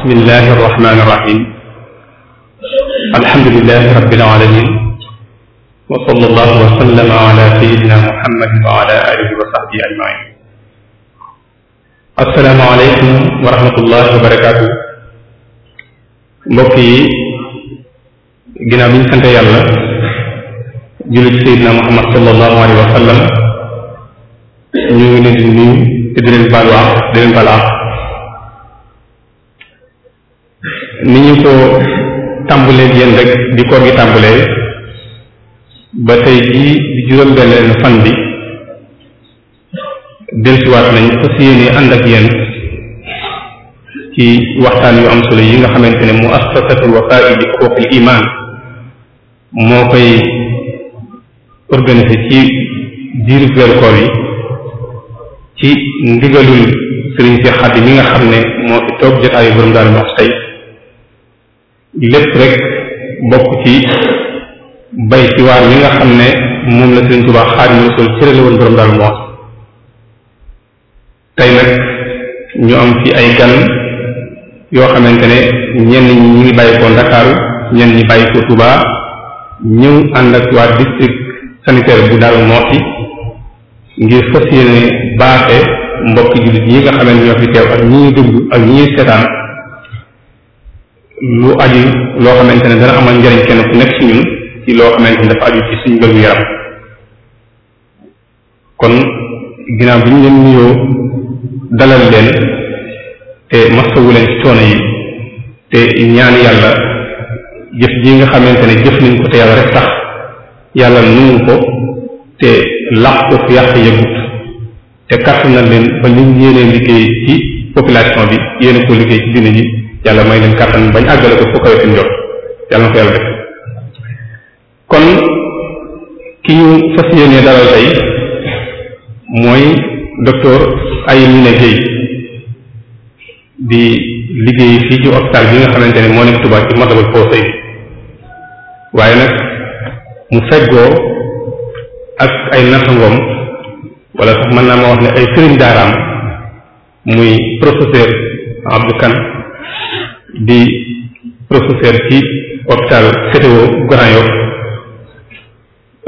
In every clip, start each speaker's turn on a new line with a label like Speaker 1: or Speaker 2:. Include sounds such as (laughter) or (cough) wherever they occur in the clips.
Speaker 1: bismillahi arrahmani irrahim
Speaker 2: alhamdulilahi rabbil
Speaker 1: alamin wa sallallahu wa sallama ala sayidina muhammadin wa ala alihi wa sahbihi ajmain assalaamu aleykum wa rahmatullahi wa barakaatu mbokk yi ginnaaw bi ñu sante yàlla jullit sayidina muhammad sallallahu alayhi wa sallam ñu ngi leen di nuyu te di leen baalu àq di leen baal àq ni ñu ko tàmbalee yéen rek di koor gi tàmbalee ba tey jii di juróom-benneelu fan bi dellusiwaat nañ fas yéene ànd ak yéen ci waxtaan yu am solo yi nga xamante ne mu assasatul wafa'i bi koy organisé ci diiru weeru koor mi nga xam ne moo fi toog jotaayu borom daal wax tey lépp rek bokk ci bay ci waar yi nga xam ne moom la Sëriñ Tuubaa Xaadimu Rasuul cërale woon borom daal moo tey nag ñu am fi ay gan yoo xamante ne ñenn ñi ñu ngi bàyyi ko Ndakaaru ñenn ñi bàyyi ko Touba ñëw ànd ak waa district sanitaire bu Darou Moukhty ngir fas yéene baaxe mbokki jullit yi nga xamante ne ñoo fi teew ak ñi ñuy déglu ak ñi ñuy seetaan lu aju loo xamante ne dana amal njariñ kenn ku nekk ci ñun ci loo xamante ne dafa aju ci suñu wér yaram kon ginnaaw bi ñu leen nuyoo dalal leen te masawu ci coono yi te ñaan yàlla jëf ji nga xamante ne jëf nañ ko te yàlla rek tax yàlla nungu ko te laq ko fu yàq yëgut te kàttanal leen ba liñ yéenee liggéey ci population bi yéene ko liggéey ci dina ji yàlla may leen kàttan bañ àggale ko fu kawe seen jot yàlla na ko yàlla kon ki ñu fas yéenee dalal tey mooy docteur Ayemine Gueye di liggéey fii ci hôpital bi nga xamante ne moo nekk Touba ci Matlaboul Fawzayni waaye nag mu feggoo ak ay nattangoom wala sax mën naa ma wax ne ay sëriñ daaraam muy professeur Abdou Kane di professeur ci hôpital CTO Grand Yoff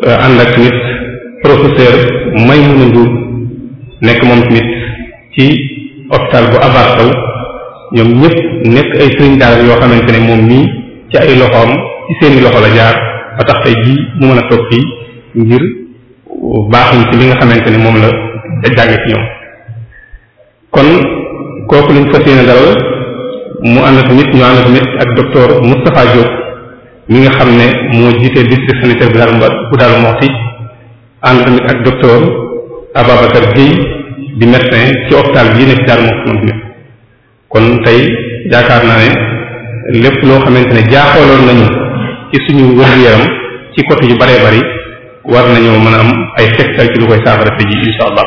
Speaker 1: eh, ànd ak tamit professeur Maymouna Ndour nekk moom tamit ci hôpital bu Abassal ñoom ñëpp nekk ay sëriñ daara yoo xamante ni moom nii ci ay loxoom ci seeni loxo la jaar ba tax tey jii mu mën a toog fii ngir baaxuñ li nga xamante ni moom la jànge ci ñoom kon kooku lañ fas yéene dalal mu ànd tamit ñu ànd tamit ak docteur Moustapha Diop mi nga xam ne moo jiitee district sanitaire bu daal bu daal moxti ak docteur Ababacar Guèye di ci hôpital bii nekk daal kon tey yaakaar naa ne lépp loo xamante ne jaaxooloon nañu ci suñu wër-yaram ci côté yu bëree bëri war nañoo mën a am ay tegtal ci lu koy saafara fii ji incha allah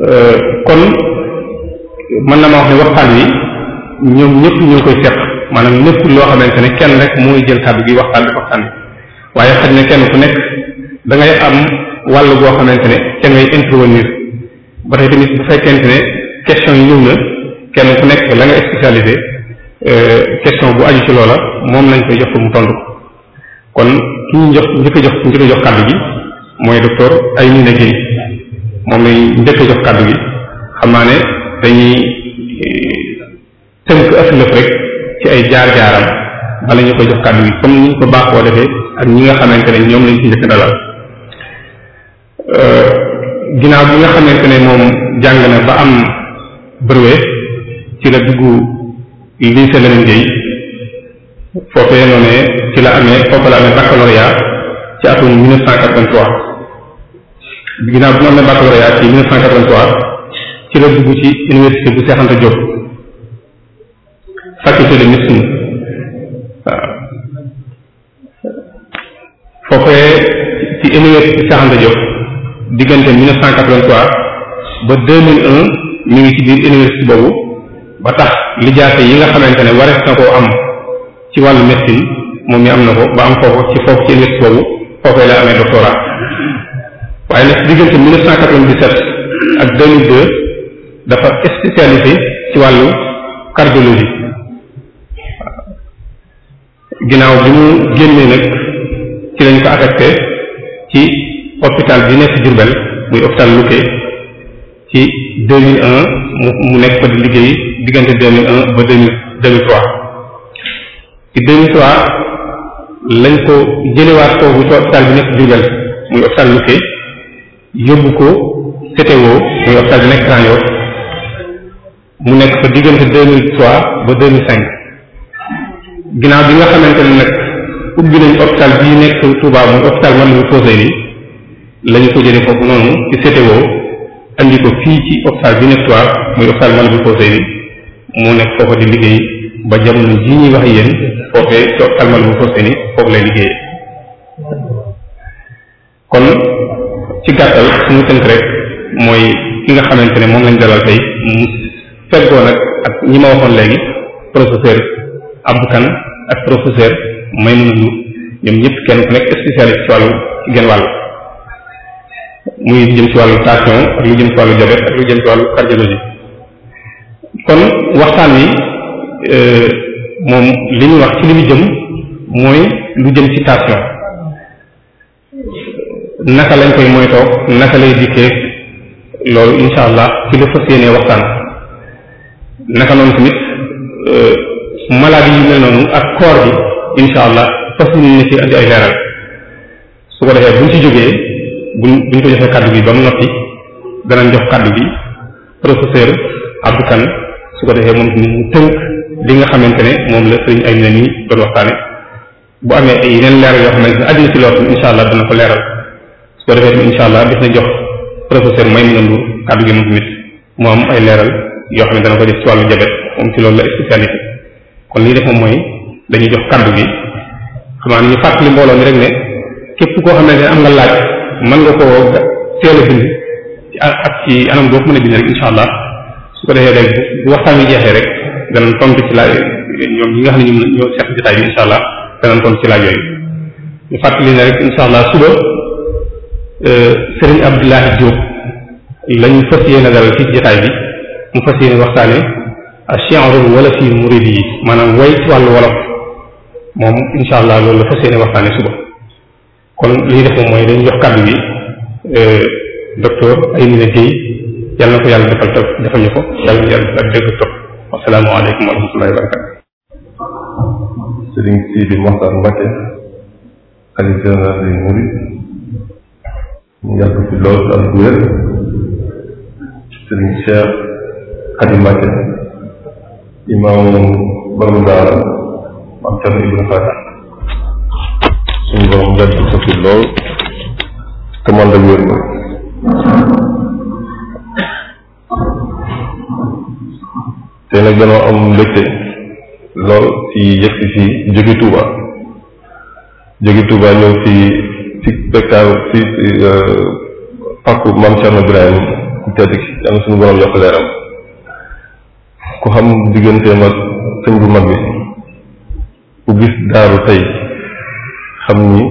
Speaker 1: euh, kon. mën na ma wax ne waxtaan wi ñoom ñëpp ñoo koy seq maanaam lépp loo xamante ne kenn rek mooy jël kàddu gi waxtaan bi waxtaan bi waaye xaj na kenn ku nekk da ngay am wàll boo xamante ne ca ngay intervenir ba tamit bu fekkente ne question yi ñëw na kenn ku nekk la nga spécialisé euh, question bu aju ci loola moom lañ koy jox mu tontu ko kon ki ñu jox njëkk a jox njëkk a jox kàddu gi mooy docteur Aymina moom lañ njëkk a jox kàddu gi xam naa ne dañuy tënk ëslëf rek ci ay jaar-jaaram bala ñu ko jox kàddu gi comme ni ñu ko baaxoo defee ak ñi nga xamante ne ñoom lañ ci njëkk dalal euh, ginnaaw bi nga xamante ne moom jàng na ba am brevet ci la dugg lycée Lamine Gueye foofee noonee ci la amee foofu la amee baccalauréat ci atum 1983 ginnaaw bi mu amee baccalauréat ci 1983 ci la dugg ci université bu Cheikh Anta Diop
Speaker 2: faculté de médecine waaw foofee ci université Cheikh Anta
Speaker 1: diggante 1983 mi ngi ci biir université boobu ba tax lijaase yi nga xamante ne warees na ko am ci wàllu médecine moom mi am na ko ba am foofu ci foofu ci université boobu foofee la amee doctorat waaye diggante 1997 ak 2002 dafa spécialisé ci wàllu cardiologie ginnaaw bi mu génnee nag ci lañ ko affecté ci hôpital bi nekk Diourbel muy hôpital Luque ci 2001 mu mu nekk fa di liggéey diggante 2001 ba 2003 ci 2003 lañ ko jëlewaat foofu ci hôpital bi nekk Diourbel muy hôpital Luque yóbbu ko CTO muy hôpital bi nekk Grand Yoff mu nekk fa diggante deux mille trois ba deux mille cinq ginnaaw bi nga xamante ne nag ubbi nañ hôpital bii nekk Touba muy hôpital man bu foosee nii lañu ko jëlee foofu noonu ci CTO andi ko fii ci hôpital bi nekk Touba muy hôpital man bu foosee nii mu nekk foofa di liggéey ba jamono jii ñuy wax yéen foofee ci hôpital man bu foosee nii foofu lay liggéeyee kon ci gàttal suñu tënk rek mooy ki nga xamante ne moom lañ dalal tey. feggoo nag ak ñi ma waxoon léegi professeur Abdou Kane ak professeur Maymouna Ndour ñoom ñëpp kenn ku nekk spécialiste ci wàllu ci genn wàll muy jëm ci wàllu tension ak lu jëm ci wàllu diabète ak lu jëm ci wàllu cardiologie kon waxtaan wi euh, moom li ñuy wax ci li mu jëm mooy lu jëm ci tension naka lañ koy moytoo naka lay dikkee loolu incha allah ci lu fas yéenee waxtaan naka noonu tamit euh, maladie yi mel noonu ak koor bi insha allah fas ñu ne ci ay leeral su ko defee buñ ci jógee bu buñ ko joxee kàddu bi ba mu noppi danañ jox kaddu bi professeur Abdou Kane su ko defee moom mu tënk li nga xamante ne moom la sëriñ ay nii doon waxtaane bu amee ay yeneen leeral yoo xamante ne aju na ci loolu insha allah dana ko leeral su ko defee tamit insha allah def na jox professeur may mu nandu kaddu gi moom tamit mu am ay leeral yoo xam ne dana ko def ci wàllu jabet moom ci loolu la spécialité kon li ñu def moom mooy dañuy jox kaddu gi xamaa ñu fàttali mbooloo mi rek ne képp koo xam ne am nga laaj mën nga koo teel a bind ci ak ci anam boo ko mën a allah defee rek bu wi jeexee rek danañ tontu ci laaj ñoom ñi xam ne ñoom ñoo seq jotaay ci laaj yooyu ñu fàttali rek insha allah suba euh, sëriñ Abdoulahi Diop lañu fas yéene dal ci jotaay bi mu fas yéene ak ash-shi'ru wala fi murid yi maanaam way ci wolof moom insha allah loolu la fas yéene waxtaane suba kon li ñu def moom mooy dañu jox kàddu bi euh, docteur Aymina Guèye yàlla na ko yàlla defal toog defal ko yàlla na yàlla defal dégg toog
Speaker 2: wasalaamu aleykum wa rahmatullahi wa
Speaker 1: barakatu Xadim Mbàkke imaamu borom daara maam Cerno Ibnu Faatix suñu borom gàtt ko fi lool te man ak te nag danoo am mbégte lool ci yegsi si jóge Touba jóge Touba ñëw ci ci bekkaar ci euh, pàkku maam Cerno Ibrahima tedd ki yàlla suñu borom yokk leeram ku xam digganteem ak sëñ bu mag bi ku gis daaru tey xam ni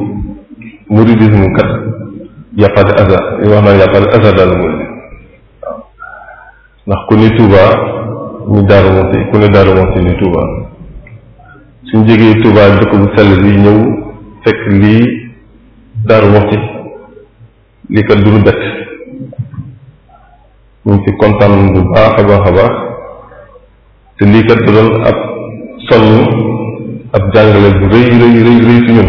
Speaker 1: muridisme kat yàppaate asa li wax naan yàppaate asa daal mooy waaw ndax ku ni Touba ni daaru Moukhty ku ni daaru Moukhty ni Touba suñ jegee Touba dëkk bu sell bi ñëw fekk lii daaru Moukhty lii kat du nu bett ñu ngi ci bu baax a baax a baax te lii kat da doon ab sonn ab jàngale bu rëy rëy rëy rëy ñun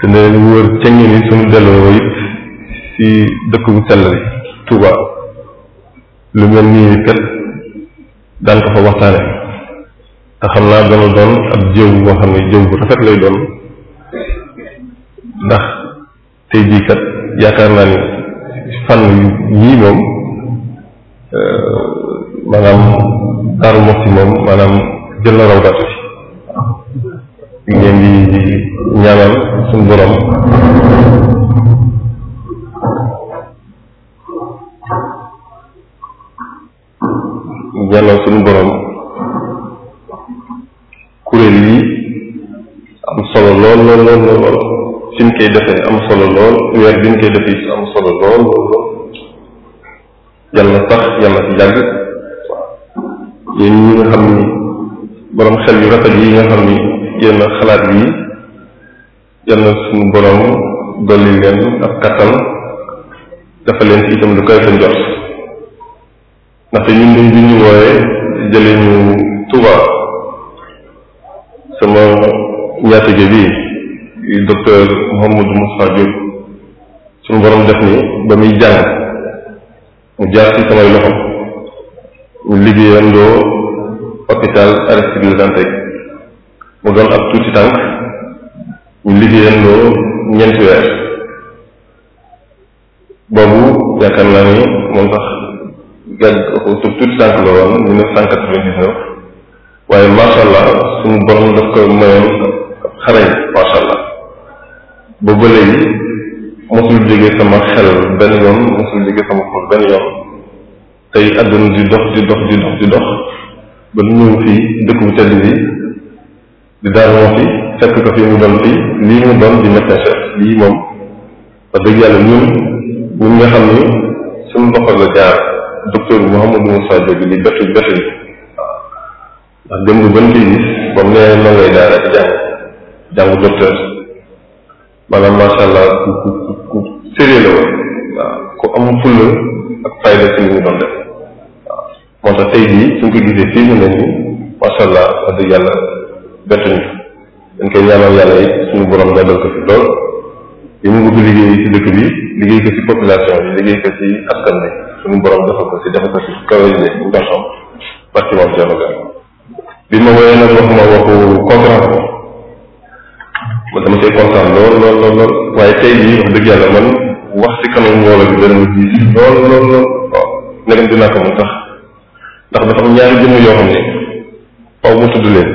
Speaker 1: te ne wóor ca ngi suñu delloo it ci dëkk bu sell bi Touba lu mel nii kat daan ko fa waxtaane te xam naa dana doon ab jëw boo xam ne jëw bu rafet lay doon ndax tey jii yaakaar naa ni fànn yii moom euh, maanaam Daaru Muxti moom maanaam jël na raw gàtt bi ñu leen di suñu borom ñaanal suñu borom kuréel yi am solo lool lool lool lool lool koy defee am solo lool weer bi ñu koy defee am solo lool lool lool yàlla sax yàlla ci jàgg yéen nga xam ni borom xel yu rafet yi nga xam ni yéen xalaat yi yal suñu borom dolli leen ak kattan dafa leen ci itam du koy fa njort ndaxte ñun dañ bi jële ñu Touba sama ñaatige bi docteur Mouhamadou Moussa Diop suñu borom def ni ba muy jàng mu jaar ci samay loxo liggéeyandoo hôpital Aristide Le Dantec mu doon ab tuuti tànk ñu liggéeyandoo ñeenti weer boobu yaakaar naa ni moom sax gàgg tuuti tànk la waaye macha allah suñu borom daf koy mayoon xarañ macha allah boobu léegi mosul jóge sama xel benn yoon mosul jóge sama xol benn yoon tey àdduna di dox di dox di dox di dox ba ñu ñëw fii dëkk bu tedd bi di daanoo fi fekk ko fi mu doon fii lii mu doon di médecin chef lii moom wax dëgg yàlla ñun ñun nga xam ni suñu loxo la jaar docteur bi Mouhamadou Moussa Diop li bettu bettu bi ndax dem lu ban kii gis bam nee noonu lay ci jàng jàngu docteur maanaam macha allah ku ku ku sérieux la woon waaw ku am fulla ak fayda ci li ñu doon def waaw moo tax tey jii suñ ko gisee fii mu ne nii macha allah wax dëgg yàlla bettuñu dañ koy ñaanal yàlla it suñu borom dal ko fi lool yi mu bëgg liggéey ci dëkk bi liggéey ko ci population bi liggéey ko ci askan bi suñu borom dafa ko ci dafa ko ci kawajne umu garson parti moom janoga bi ma woyee nag wax ma waxu conférence bi ma dama see kontaan lool lool lool waaye tey jii wax dëgg yàlla man wax ci kanam mbooloo bi dana diis lool lool lool waaw ndegam dinaa ko mën sax ndax dafa am ñaari jëmm yoo xam ne faw mu tudd leen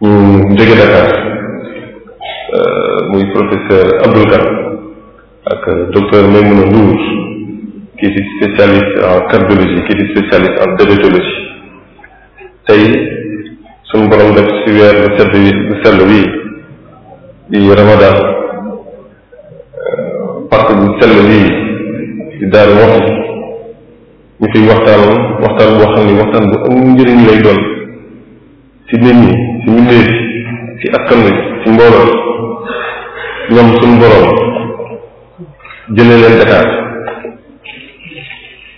Speaker 1: ñu hmm, jóge Dakar eh, muy professeur Abdoul Kane kii eh, di spécialiste en cardiologie kii tey suñu borom def ci weer bu sedd wi bu sell bii di Ramadan sell bii di daaru ñu fiy waxtaan waxtaan boo xam ne waxtaan bu am njëriñ lay doon ci nit ñi ci mbindeef ci askan wi ci mbooloo ñoom suñu boroom jëlee leen Dakar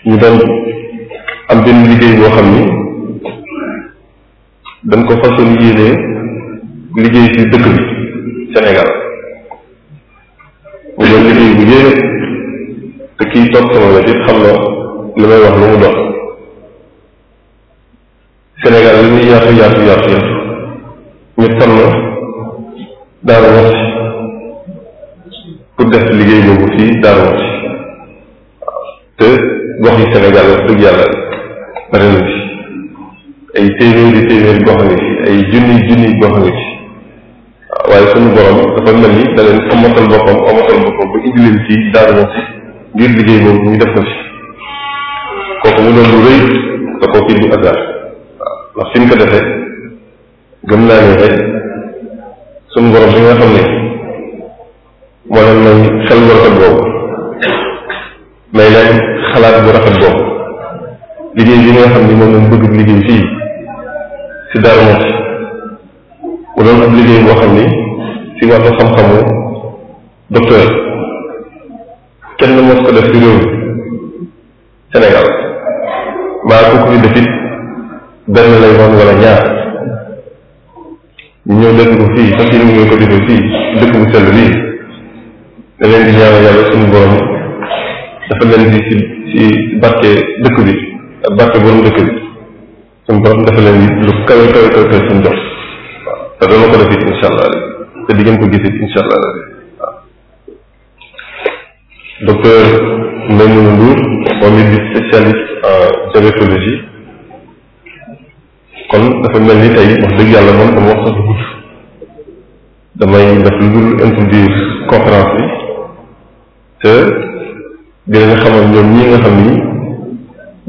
Speaker 1: ñu doon am benn liggéey boo xam ni dañ ko façon yéenee liggéey ci dëkk bi Sénégal yow liggéey bu yéeg te kii toog sama wet it xam li may wax lu mu dox Sénégal li muy yaatu yaatu yaatu yaatu ñu tànn Daaru Muxti pour def liggéey boobu fii Daaru Muxti te gox yi Sénégal wax dëgg yàlla bare na fi ay téeméeri téeméeri gox nga ci ay junni junni gox nga ci waaye suñu borom dafa mel ni da leen amatal boppam amatal boppam ba indi leen ci Daaru Muxti ngir liggéey boobu ñu def ko ci kooku mu doon lu rëy te kooku du hasard waaw ndax suñ ko defee gëm naa ne rek suñu borom bi nga xam ne moo leen may xel bu rafet boobu may leen xalaat bu rafet boobu liggéey bi nga xam ne moom lañ bëgg liggéey fii ci Daaru Muxti mu doon ab liggéey boo xam ni ci wàllu xam-xamu docteur kenn mos ko def ci réew Sénégal mbaa ku ko fi def it benn lay doon wala ñaar ñu ñëw dëkk bu fii fas yéene ngeen ko defee fii dëkk bu sell bii da leen di ñaanal yàlla suñu borom dafa leen di ci ci barke dëkk bi ak barke borom dëkk bi suñu borom dafa leen di lu kawe kawe kawe kawe suñu jox te dana ko defit incha allah te di ngeen ko gisit incha allah waaw di spécialiste en kon dafa mel ni tey wax dëgg yàlla moom dama wax sax damay def lu dul introduire conférence bi te dinañ xamal nga xam ni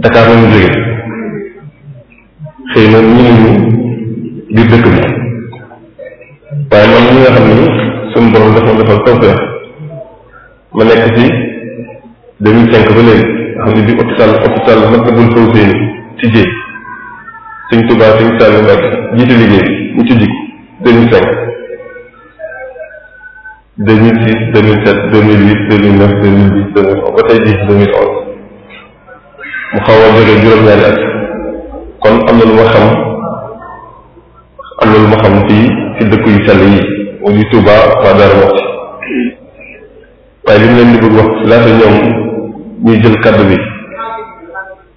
Speaker 1: Dakar nañu
Speaker 2: jóge xëy na ñu ngi
Speaker 1: biir dëkk bi waaye man mi nga xam ni suñu borom dafa defal tawfeex ma nekk ci 2005 ba léegi nga xam ni bi hôpital hôpital mat na bul faw séeni ci suñ tubaa suñ sàlli nekk jiitu liggéey mu ci jik 2005 2006 2007 2008 2009 2010 2011 ba tey jii 2011 mu xaw a jóge juróom-ñaari at kon am na lu ma xam am na lu ma xam ci ci dëkk yu sell yi mu di Touba waa Darou Moukhty waaye li mu leen di bëgg wax laata ñoom ñuy jël kaddu bi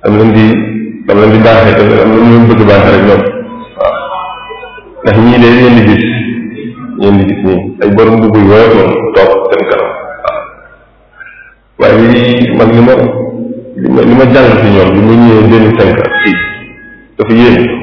Speaker 1: dama leen di dama leen di baaxee dama leen bëgg baaxee rek ñoom ndax ñii de ngeen gis ngeen gis nii ay borom mbubb yu woyof noonu toog seen kanam waaw waaye lii man li ma li ma li ma jàng ci ñoom bi ma ñëwee deux mille dafa yéen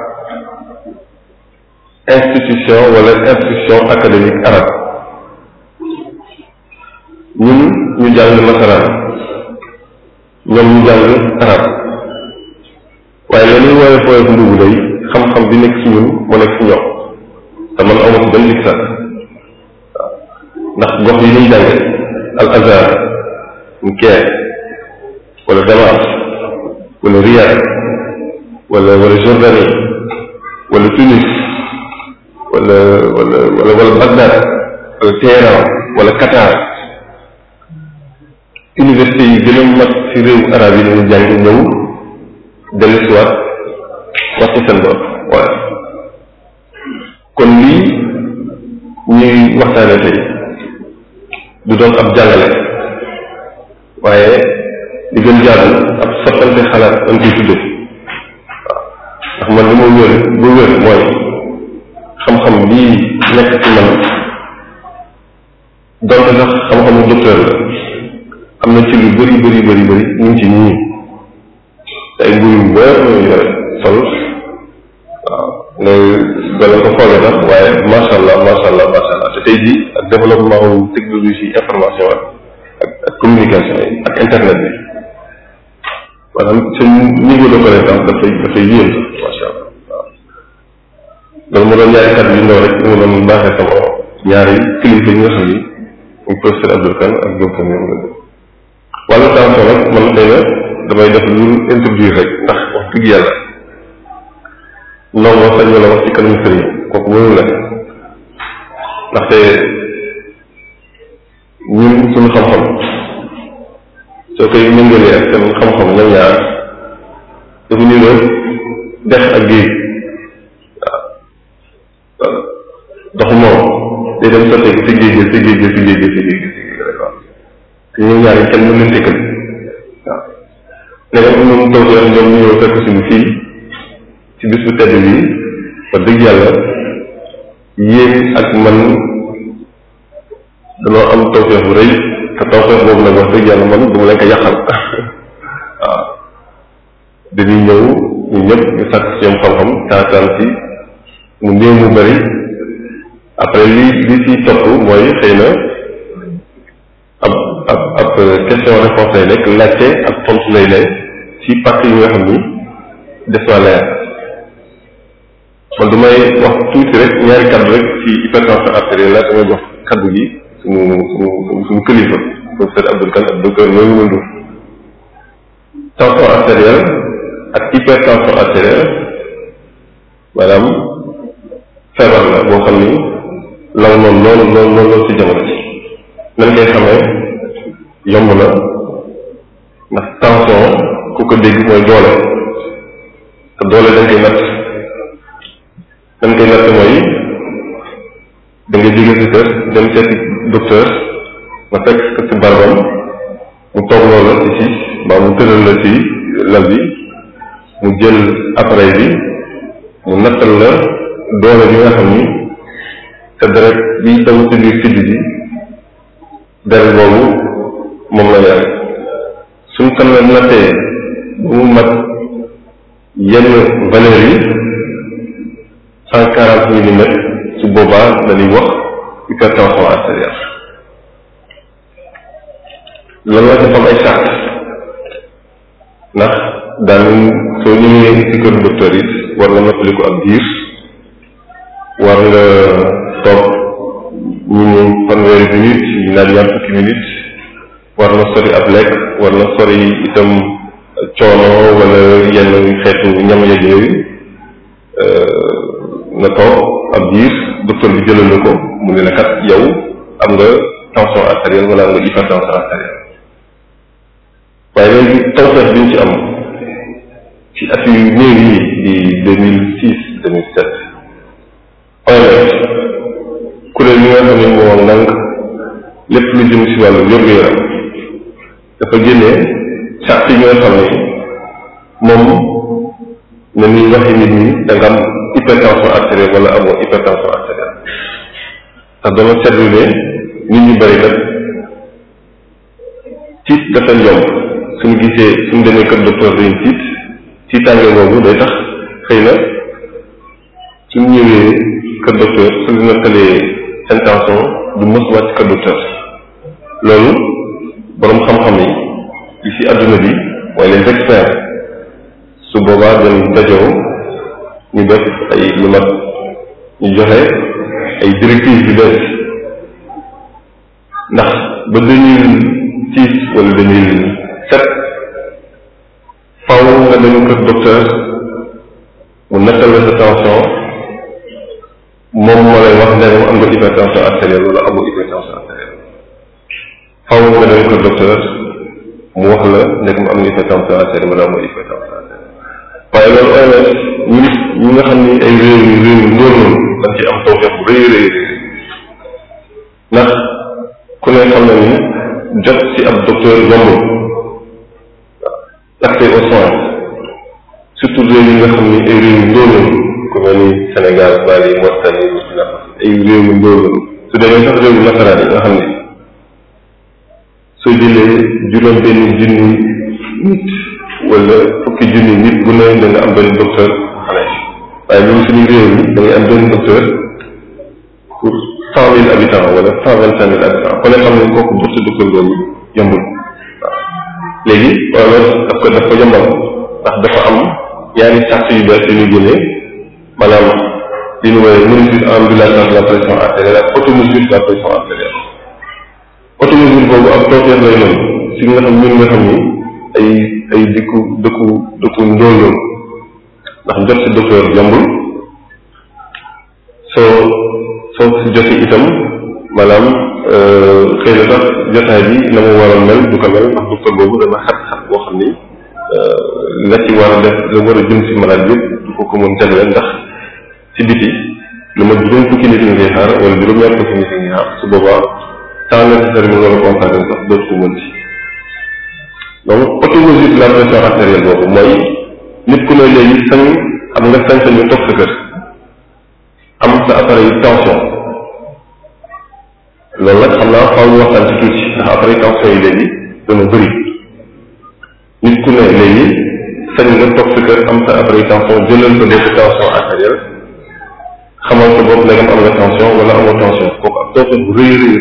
Speaker 1: institution wala institution académique arabe ñun ñu jàng nasaraan ñoom ñu jàng arab waaye la ñuy woowee ndugu day xam-xam bi nekk ci ñun moo nekk ci ñoom te man awma benn lig sax ndax gox yi ñuy jànge al azhar Caire wala Damas wala Riyad wala wala Jordanie wala Tunis wala wala wala wala Bagdad wala Téhéran wala Qatar université yi gën a ci réew arab yi dañu jàng ñëw dellusiwaat wax ci seen bopp kon lii ñuy waxtaane tey du doon ab jàngale waaye li gën jaadu ab soppante xalaat am koy tudde waaw ndax man li ma wér bu wér mooy xam-xam bii nekk ci man donte sax xam-xamu docteur la am na ci lu bëri bëri bëri bëri ñu ci ñii te ay nguur yu bëri ñu yore sol waaw loolu ko foogee sax waaye macha allah macha allah macha allah te tey jii ak développement wu technologie information ak communication yi ak internet bi maanaam seen niveau de connaissance dafay dafay yéen macha allah. loolu moo doon ñaari kàddu yu ndaw rek mu doon baaxee sama ñaari kilifa yi nga xam ni ñu professeur Abdou Kane ak Diop Kane ñoom la def wàllu tension nag man xëy na damay def lu introduire rek ndax wax dëgg yàlla ndongo sañ la wax ci kanamu sëriñ kooku mënul la ndaxte ñun suñu xam-xam soo koy méngalee ak seen xam-xam ñoom ñaar dafa niroog dex ak géej ndox moom day dem sotteeku si géej gi si géej gi si géej gi si géej gi si géej gi rek waaw te ñun yi kenn mën nañ tëkkal bis bu tedd bi wax dëgg yàlla yéen ak man danoo am tawfeex bu rëy te tawfeex boobu nag wax dëgg yàlla man du ma lekk ko yàqal (laughs) waaw dañuy ñëw ñu ñëpp ñu sàkk ci ñoom xam-xam taataan ci mu néew mu bëri après li li ci topp mooy xëy na ab ab ab question réponse lay nekk laajte ak tontu lay lay ci partie yi nga xam ni def naa leer kon du may wax tuuti rek ñaari kaddu rek ci hypertension artérielle la damay jox kaddu gi suñu suñu suñu kilifa professeur Abdoul Kane ak docteur Noël Ndour tension artérielle ak hypertension artérielle maanaam feebar la boo xam ni lan noonu loolu loolu loolu si jamono ji nan ngay xamee yomb na ndax tension ku ko dégg mooy doole te doole dañ natt dañ koy natt mooy da nga jóge kër dem seeti docteur nga fekk ko si barabam mu toog loola ci siis mbaa mu tëral la ci lal bi mu jël appareil bi mu nattal la doole bi nga xam ni te deret bi daw ci biir siddi bi deret boobu moom la yàlla suñ tam la nattee ba mu mat yenn valeur cent quarante millimètres su boobaa dañuy wax hypertension artérielle loolu la dafa am ay sart ndax daan soo ñëwee ci kër docteur yi war nga noppali ko ak diir war nga toog ñu ñu fanweeri minute ñu naan ñaar fukki minute war na sori ab lekk war na sori itam coono wala yenn xeetu ñam yeg yooyu euh, nga toog ab diir docteur bi jëlal ko mu ne la kat yow am nga tension artérielle wala am nga hypertension artérielle waaye léegi tawfeex bi ñu ci am ci at yu néew yi di deux mille six deux mille sept ëllëg kuréel yi nga xam ne moo nang lépp lu jëm ci wàllu wérgu yaram dafa génnee sàrt yi nga xam ne moom na ñuy waxi nit ñi da am hypertension artérielle wala amoo hypertension artérielle ndax dama seetlu ne
Speaker 2: nit ñu bëri nag tiit
Speaker 1: dafa yomb suñu gisee suñu demee kër docteur dañu tiit tiitaange boobu day tax xëy na suñu ñëwee kër docteur su ñu nettalee intention du mës wàcc kër loolu borom xam-xam yi ci si adduna bi waaye les experts su boobaa dañ dajoo ñu def ay lu ñu joxe ay directives yu bees ndax ba deux mille six wala deux faw nga dem docteur mu nettal la sa tension ne moom am nga hypertension artérielle wala amoo hypertension artérielle faaw nga dem ko docteur mu wax la nekk mu am nga hypertension artérielle wala amoo hypertension artérielle waaye loolu OMS ñi ñi nga xam ni ay réew yu réew yu ngóor noonu dañ ci am tawfeex bu rëy rëy rëy ndax ku ne xam na ni jot ci ab docteur yombul accès aux soins surtout réew yi nga xam ni ay réew yu ngóor noonu ku mel ni Sénégal Mali Mauritanie ay réew yu ndóol su demee sax réew yu nasaraan yi nga xam ne soo jëlee juróom benn junni nit wala fukki junni nit bu ne da nga am benn docteur xale waaye ñun suñu réew mi da am benn docteur pour cent mille habitants wala cent vingt cinq mille habitants ku ne xam ne kooku bourse docteur boobu yombul waaw léegi wala daf ko daf ko yombal ndax dafa am ñaari sàrt yu bees yu ñu génnee maanaam li ñu woowee mesure ambulante de la de la pression artérielle automesure boobu ab tookeen lay doon si nga xam ñun nga xam ni ay ay dëkku dëkku dëkku njóoloon ndax jot si docteur yombul soo soo si jotee itam maanaam euh, xëy na sax jotaay bi na mu waroon mel du ko mel ndax docteur boobu dana xat-xat boo xam ni euh, la ci war a def la war a jëm si malade bi du ko ko mën jagleel ndax biti lu ma juróom fukki nit ñu ngi xaar wala juróom-ñaar fukki nit ñu ngi xaar su boobaa temps nécessaire sax dootu ko mën ci donc autorisé de la pression artérielle boobu mooy nit ku ne léegi sañ am nga sañ sa kër am sa appareil tension jëlal sa bopp tension artérielle xamal sa bopp léegi am nga tension wala amoo tension kooku bu rëy rëy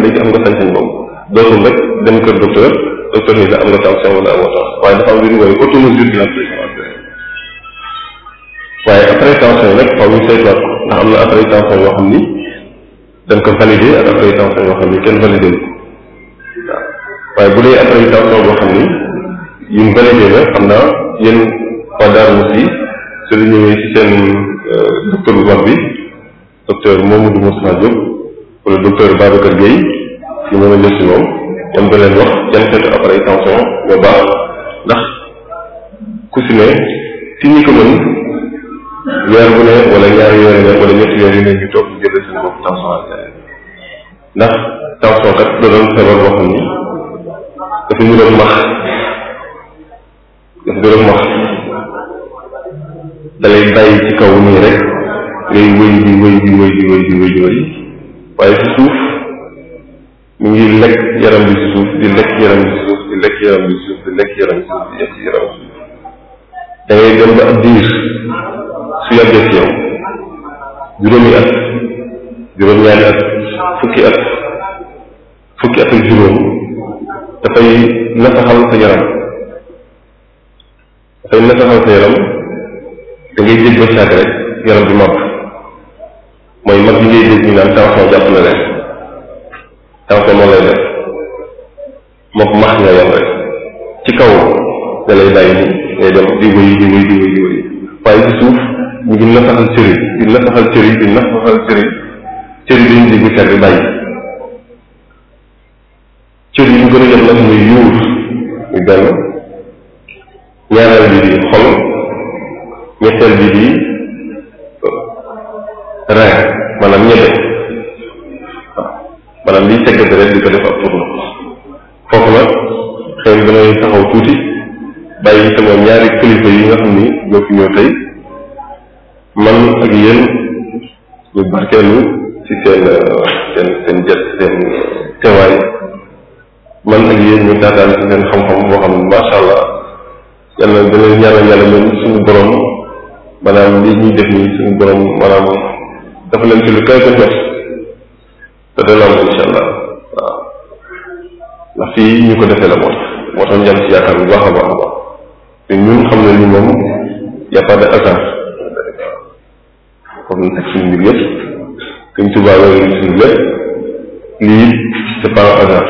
Speaker 1: rëy am nga sañ-sañ boobu dootul rek dem kër docteur docteur ni la am nga tension wala amoo tension waaye dafa am lu ñu woowee automesure de la waaye après tension rek faaw ñu saytuwaat ko ndax am na après tension yoo xam ni dañ ko valider ak après tension yoo xam ni kenn valider ko waaye bu dee après tension boo xam ni yu mu la xam naa yéen waa Darou aussi. su ñu ñëwee ci seen euh, docteur wàll bi docteur Mamadou Moussa Diop wala docteur Babacar Gueye ñu mën a jël ci moom kon nga leen wax yan xeetu appareil tension nga baax ndax ku si ne ci ñi ko mën weer bu ne wala ñaari weer ne wala ñetti weer yu ne ñu toog ñu jëlee seen bopp tension artérielle ndax tension kat da doon feebar boo xam ni dafa ñu doon max dafa doon max. dalay bàyyi ci kaw nii rek ngay wëy di wëy di wëy di wëy di wëy di wëy waaye ci suuf mu ngi lekk yaram bi ci suuf di lekk yaram bi ci suuf di lekk yaram bi ci suuf di lekk yaram bi ci ab diir su
Speaker 2: yàggee ci yow juróomi at juróom-ñaari at fukki at fukki at ak juróom dafay nasaxal sa yaram dafay
Speaker 1: nasaxal sa yaram da ngay dégg ba saag rek yaram bi nopp mooy mag bi ngay dégg ñu naan tension jàpp na leen tension moo lay def mook max nga yem rek ci kaw da lay bàyyi ni ngay dem di wéy di wéy di wéy di wéy waaye ci suuf ñu ngi nasaxal cër yi di nasaxal cër di nasaxal cër yi cër yi dañu dégg saag bi bàyyi cër yi ñu gën a jot nag muy yuur muy benn ñaareel bi di xol ñetteel bi di rein maanaam ñebe waaw maanaam liy segg deret di ko def ak tournoi foofu nag damay taxaw tuuti bàyyi sama ñaari kilifa yi nga xam ni ñoo fi ñëw tey man ak yéen ñu barkeelu ci seen seen seen jët seen teewaay man ak yéen ñu taataan ci seen xam-xam boo xam ne macha allah yàlla dana ñaanal yàlla moom suñu borom. maanaam li ñuy def nii suñu borom maanaam dafa leen ci lu koy ko jot te dana am incha allah waaw ndax fii ñu ko defee la mooy moo tax ñu am ci yaakaar bu baax a baax a baax te ñun xam ne ni moom y a pas de hasard kon nag suñu mbir yëpp dañ tubaab yooyu suñu lépp lii c'est pas un hasard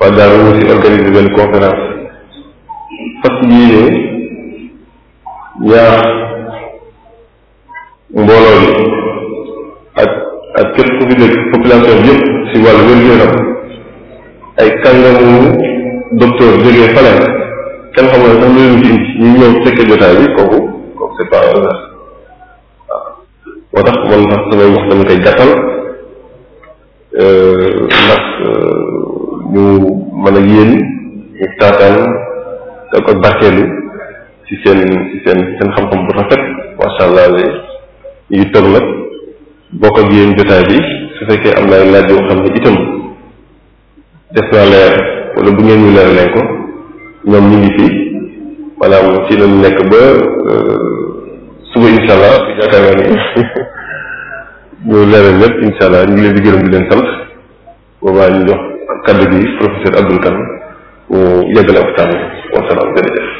Speaker 1: waaw waa ñaar mbooloo mi ak ak képp ku fi nekk population bi yëpp si wàllu wér-gu-yaram ay kàngamu docteur jógee falen kenn xamul ne sax loolu ci indi ñu ñëw fekke jotaay bi kooku kooku c'est pas un hasard waaw moo tax man sax samay wax dama koy gàttal euh, ndax euh, ñu mën a yéen ñu taataan da ko barkeelu ci seen ci seen seen xam-xam bu rafet macha allah yu tëb nag bokk ak jotaay bi su fekkee am na laaj yoo xam ne itam def naa leer wala bu ngeen ñu leer ko ñoom ñu ngi fi maanaam ci lañ nekk ba euh, suba incha allah yaakaar naa ni ñu leeral lépp incha allah ñu ngi leen di gërëm di leen sant boobaa ñu jox kaddu gi professeur Abdoul Kane mu yeggale waxtaan wi wasalaam jërëjëf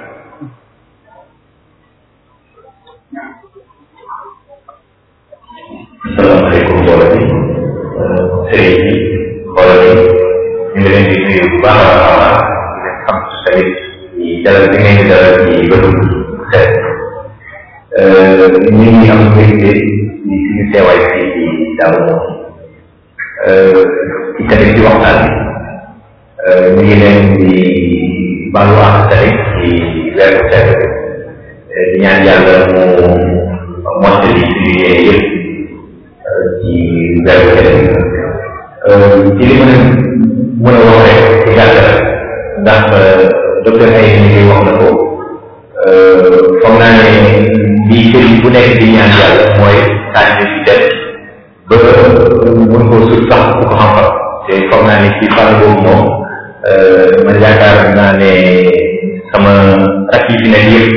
Speaker 2: mboolo bi sëriñ bi mboolo bi ñu leen di nuyu bu baax a baax di leen xam tamit ci dalal bi ngeen di dalal ci bëtum xeet ñu am mbégte di suñu teewaay eh, fii ci daaw moom ci tamit ci waxtaan bi ñu ngi leen di baalu àq tamit ci weeru seet di ñaan yàlla mu mottali suñu yéene yëpp ci weeru keneen ci li mën a mën a wax rek ci gàttal ndax docteur na ko foog naa ne lii sëriñ bu nekk di ñaan yàlla mooy tànn ci def ba mën koo sut sax ku ko xam te foog naa ne ci fànn boobu moom man yaakaar naa ne sama rakk fi nekk yëpp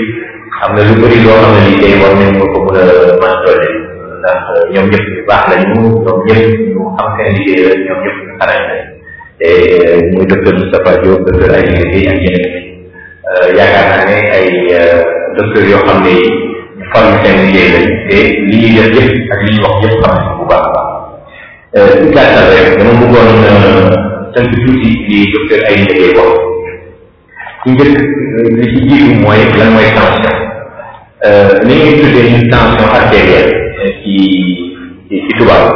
Speaker 2: am na lu bëri loo xam ne lii tey war nañ ko mën a mën a ñoom ñëpp ñu baax lañu ñoom ñëpp ñu xam seen ñoom ñëpp ñu xarañ lañ te muy docteur Moustapha Diop docteur ay liggéey euh, ne ay euh, docteur yoo xam ne ñu form seen liggéey lañ te ak li ñuy wax yëpp bu baax baax euh, ci gàttal rek dama bëggoon tënk tuuti li docteur ay liggéey wax li ci jiitu mooy lan mooy tension li ñu tension artérielle ci ci tubaab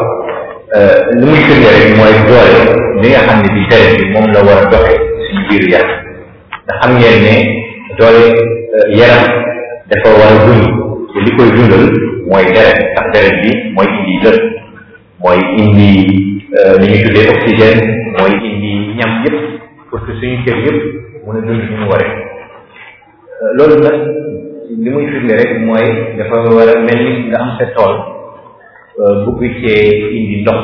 Speaker 2: euh, li muy firnde mooy doole li nga xam ne bi tey moom la war a doxe suñu biir yaram nga xam ngeen
Speaker 3: ne doole euh, yaram dafa war a dund li koy dundal mooy deret ndax deret bi mooy indi lët mooy indi euh, li ñu tuddee oxygène mooy indi ñam yëpp pour que suñu cër yëpp mën a dund ni mu waree loolu nag li muy firnde mooy dafa war mel ni nga am sa tool Euh, bu cee indi ndox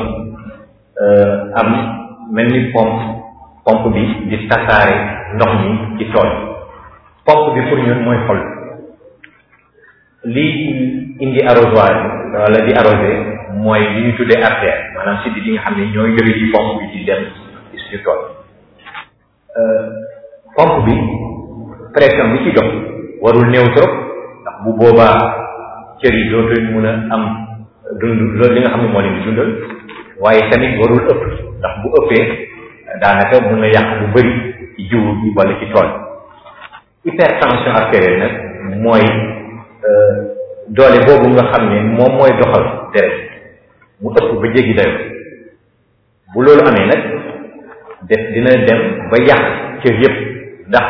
Speaker 3: euh, am mel ni pompe pompe bi di tasaare ndox mi ci tool pompe bi pour ñun mooy xol
Speaker 4: lii indi
Speaker 3: arrosoir wala di arroser mooy li ñu tuddee artère maanaam siddi di nga xam ne ñooy jóge ci pompe bi di dem ci suñu tool euh, pompe bi pression bi ci dox warul néew trop ndax bu boobaa cër yi dootuñ mun a am dund loolu li xam ne moo leen di dundal waaye tamit warul ëpp ndax bu ëppee daanaka mën na yàq bu bëri ci jiwu bi wala ci tool hypertension artérielle nag mooy euh, doole boobu nga xam ne moom mooy doxal deret mu ëpp ba jéggi dayo bu loolu amee nag def dina dem ba yàq cër yépp ndax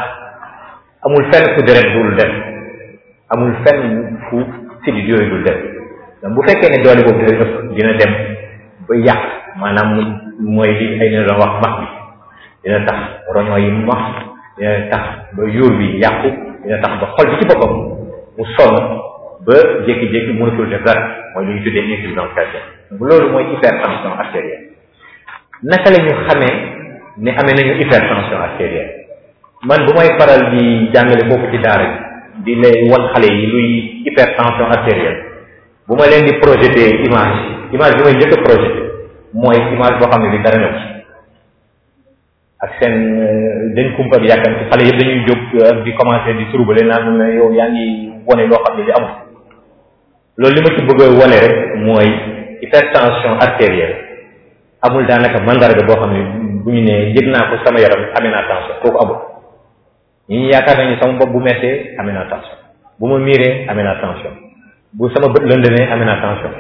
Speaker 3: amul fenn fu deret dul dem amul fenn fu sidit yooyu dul dem bu fekkee ne doole boobu day dina dem ba yàq maanaam mooy li ay dina doon wax max bi dina tax roño yi max dina tax ba yuur bi yàqu dina tax ba xol bi ci boppam mu sonn ba jékki-jékki mënatul def dara mooy lu ñu tuddee insuffisance cardiaque bu loolu mooy hypertension artérielle naka la ñu xamee ne amee nañu hypertension artérielle man bu may faral di jàngale foofu ci daara bi di lay wan xale yi luy hypertension artérielle bu ma leen di projeté image image bi may njëkk projeté mooy image boo xam ne di dara ñëw ci ak seen dañ euh, kumpa bi yàkkam ci xale yëpp dañuy jóg ak euh, di commencé di trouble naa mun ne yow yaa ngi wone loo xam ne li amul loolu li ma ci bëgg a wone rek mooy hypertension artérielle amul daanaka mandarga boo xam ne bu ñu nee yëg naa ko sama yaram amee naa tension kooku amul ñi ñu yaakaar nañu sama bopp bu mettee amee naa bu ma miiree amee naa bu sama bët lëndëmee amee naa tension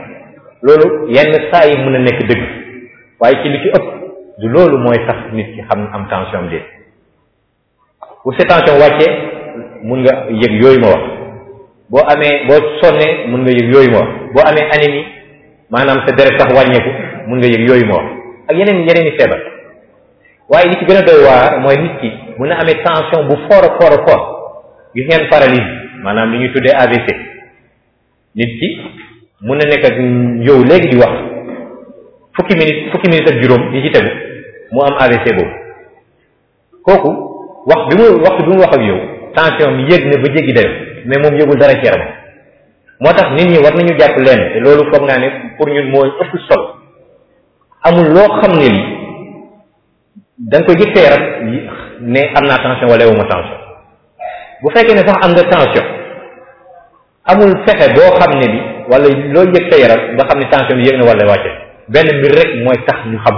Speaker 3: loolu yenn saa yi mën a nekk dëgg waaye ci li ci ëpp loolu mooy tax nit ki xam am tension am déet
Speaker 2: bu sa tension wàccee
Speaker 3: mun nga yëg yooyu ma wax boo amee boo sonnee mun nga yëg yooyu ma wax boo amee anémie maanaam sa deret sax wàññeeku mun nga yëg yooyu ma wax ak yeneen yeneen i feebar waaye li ci gën a doy waar mooy nit ki mun a amee tension bu fort fort fort gis ngeen paralysie maanaam li ñuy tuddee AVC nit ki mun na nekk ak yow léegi di wax fukki minutes fukki minutes ak juróom yi ci tegu mu am AVC boobu kooku wax bi mu waxtu bi mu wax ak yow tension bi yëg na ba jéggi dayo mais moom yëgul dara ci yaram moo tax nit ñi war nañu jàpp lenn te loolu foog naa ne pour ñun mooy ëpp solo amul loo xam ne li da nga koy gis yaram ne am naa tension wala yow ma tension bu fekkee ne sax am nga tension amul fexe boo xam ne bi wala loolu yëg sa yaram nga xam ne tension bi yëg na wala wàcce benn mbir rek mooy tax ñu xam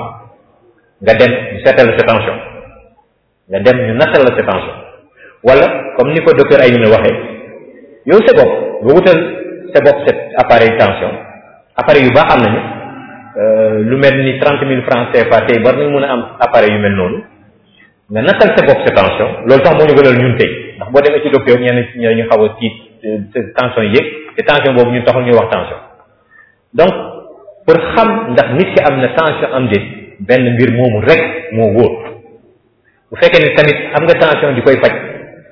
Speaker 3: nga dem ñu seetal sa tension nga dem ñu nattal la sa tension wala comme ni ko docteur Aymina waxee yow sa bopp nga wutal sa bopp cet appareil tension appareil yu baax am nañu euh, lu mel ni trente mille francs CFA tey war nañ mën a am appareil yu mel noonu nga nattal sa bopp sa tension loolu sax moo ñu gënal ñun tey ndax boo demee ñu xaw a tension yéeg te tension boobu ñu taxul ñuy wax tension donc pour xam ndax nit ki am na tension am déet benn mbir moomu rek moo wóor bu fekkee ne tamit am nga tension di koy faj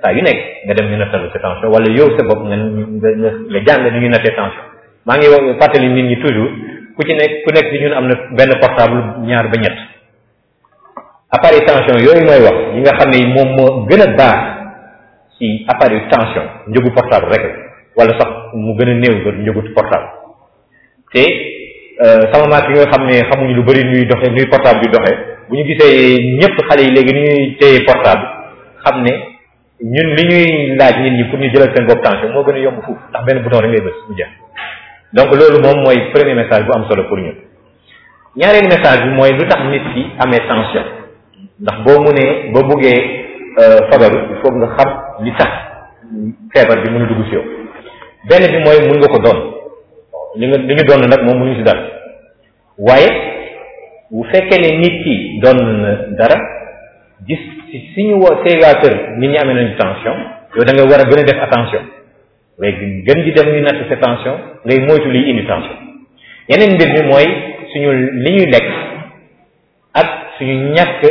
Speaker 3: saa yu nekk nga dem ñu nattal sa tension wala yow sa bopp nga nga jàng ni ñu nattee tension maa ngi wax fàttali nit ñi toujours ku ci nekk ku nekk ci ñun am na benn portable ñaar ba ñett appareil tension yooyu mooy wax yi nga xam ne moom moo gën a baax ci appareil tension njëgu portable rek wala sax mu gën a néew nga njëgu portable te euh, sama maat yi nga xam ne xamuñu lu bari ñuy doxe ñuy portable di doxe bu ñu gisee ñëpp xale yi léegi nu ñuy téye portable xam ne ñun li ñuy laaj nit ñi pour ñu jëlal seen bopp tension moo gën a yomb foofu ndax benn bouton rek ngay bës mu donc loolu moom mooy premier message bu am solo pour ñun ñaareelu message bi mooy lu tax nit ki amee tension ndax boo mu nee boo fagaru euh, il faut nga xam li tax feebar bi mën a dugg si yow benn bi mooy mun nga ko doon li nga li nga doon nag moom mënuñu si dara waaye bu fekkee ne nit ki doon na dara gis si suñu wa séegateur nit ñi amee nañu tension yow da war a gën a def attention léegi gën di dem ñu natt sa tension ngay moytu liy indi tension yeneen mbir mi mooy suñu li ñuy lekk ak suñu ñàkk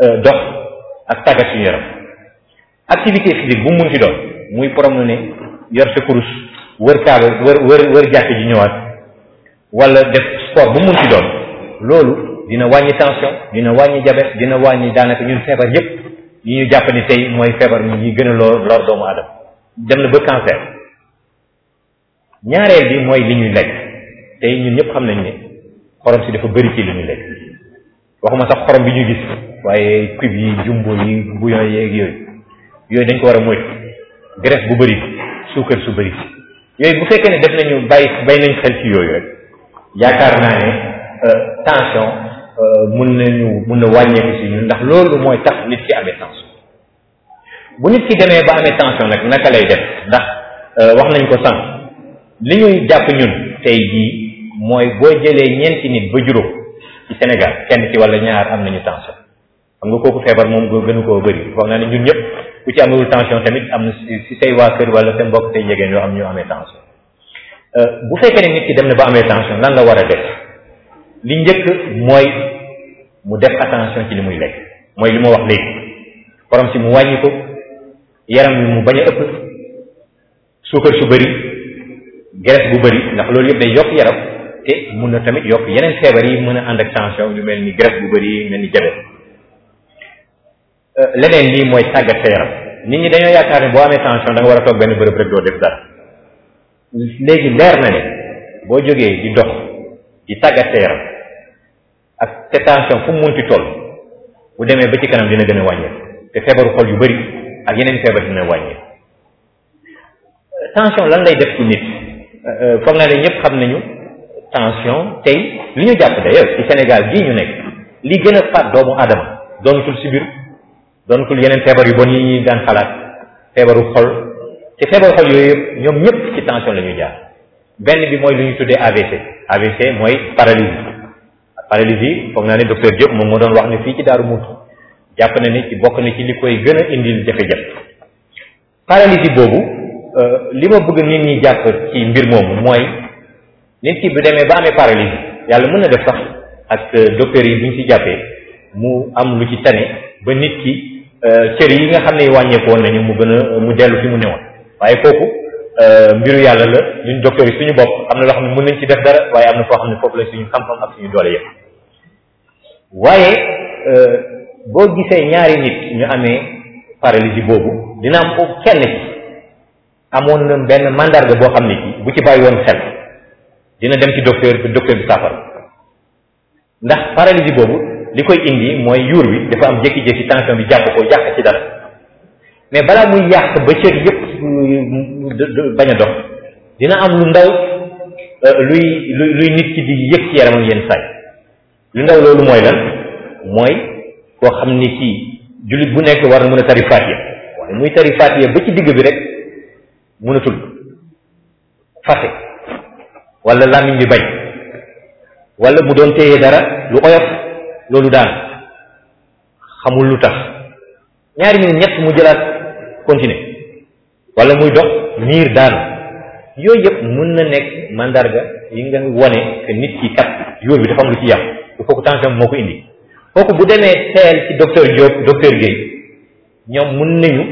Speaker 3: euh, dox ak tàggat suñu yaram activité physique bu mu munti doon muy promener yor sa kurus wër kaaba wër wër wër jàkk ji ñëwaat wala def sport bu mu munti doon loolu dina wàññi tension dina wàññi diabète dina wàññi daanaka ñun feebar yépp yi ñu jàpp ni tey mooy feebar yi gën a lor lor doomu aadama dem na ba cancer ñaareel bi mooy li ñuy lekk tey ñun ñëpp xam nañ ni xorom si dafa bëri ci li ñuy lekk waxuma sax xorom bi ñu gis waaye cube yi jumbo yi bouillon yeeg yooyu yooyu dañ ko war a moytu graisse bu bëri suukar su bëri yooyu bu fekkee ne def nañu bàyyi bay nañ xel ci yooyu rek yaakaar naa ne
Speaker 2: euh, tension
Speaker 3: euh, mun nañu mun na wàññeeku si ñun ndax loolu mooy tax nit ki amee tension bu nit ki demee ba amee tension nag naka lay def ndax euh, wax nañ ko sànq li ñuy jàpp ñun tey jii mooy boo jëlee ñeenti nit ba juróom ci Sénégal kenn ci wala ñaar am nañu tension xam nga kooku feebar moom goo gënu koo bëri foog naa ne ñun ñëpp ku ci amewul tension tamit am na si say waa kër wala seen mbokk say njegeen yoo am ñu amee tension euh, bu fekkee ne nit ki dem na ba amee tension lan la war a def li njëkk mooy mu def attention ci li muy lekk mooy li ma wax léegi xorom si mu wàññi ko yaram bi mu bañ a ëpp suukar su bëri graisse bu bëri ndax loolu yëpp day yokk yaram te mun na tamit yokk yeneen feebar yi mën a ànd ak tension yu mel ni graisse bu bëri mel ni diabète euh, leneen lii mooy tàggat sa yaram nit ñi dañoo yaakaar ne boo amee tension da war a toog benn bërëb rek doo def dara léegi leer na ne boo jógee di dox di tàggat sa yaram ak te tension fu mu munti toll bu demee ba ci kanam dina gën a wàññeeku te feebaru xol yu bëri ak yeneen feebar dina wàññeeku euh, tension lan lay def ci nit euh, foog naa ne ñëpp xam nañu. tension tey li ñu jàpp d'ailleurs ci Sénégal gii ñu nekk li gën a faat doomu aadama si sibbiru doonatul yeneen feebar yu bon yi ñuy daan xalaat feebaru xol te feebaru xol yooyu ñoom ñëpp ci tension la ñuy jaar benn bi mooy lu ñu tuddee AVC AVC mooy paralysie paralysie foog naa ne docteur jëpp moom moo doon wax ne fii ci Daaru Muxti jàpp na ni ci bokk na ci li koy gën a indi jafe-jafe paralysie boobu euh, li ma bëgg nit ñi jàpp ci mbir moomu mooy nit ki bu demee ba amee paralysie yàlla mën na def sax ak euh, docteur yi bu ñu ci jàppee mu am lu ci tane ba nit ki euh, cër yi nga xam ne wàññeeku woon nañu mu gën a mu dellu fi mu newoon waaye kooku euh, mbiru yàlla la ñun docteur yi ñu bopp am na loo xam ne mën nañ ci def dara waaye am na foo xam ne foofu la suñu xam-xam ak suñu doole yëpp waaye boo gisee ñaari nit ñu amee paralysie boobu dina am ko kenn ci amoon benn mandarga boo xam ne ci bu ci bàyyi dina dem ci docteur bi docteur bi saafara ndax paralysie boobu li koy indi mooy yuur bi dafa am jékki-jékki tension bi jàpp ko yàq ci dara mais balaa muy yàq ba cër yépp bañ a dox dina am lu ndaw euh, luy luy nit ki di yëg ci yaramam yenn saay lu ndaw loolu mooy lan mooy koo xam ni ci jullit bu nekk war na mun a tari faatiya waaye muy tari faatiya ba ci digg bi rek mënatul fàtte wala làmmiñ bi bañ wala mu doon téye dara lu oyof loolu daan xamul lu tax ñaari minute ñett mu jëlaat continuer wala muy dox miir daan yooyu yëpp mun na nekk màndarga yi nga wane que nit ki kat yóor bi dafa am lu ci yàq il faut que tension moo ko indi kooku bu demee teel ci docteur Diop docteur Guèye ñoom mën nañu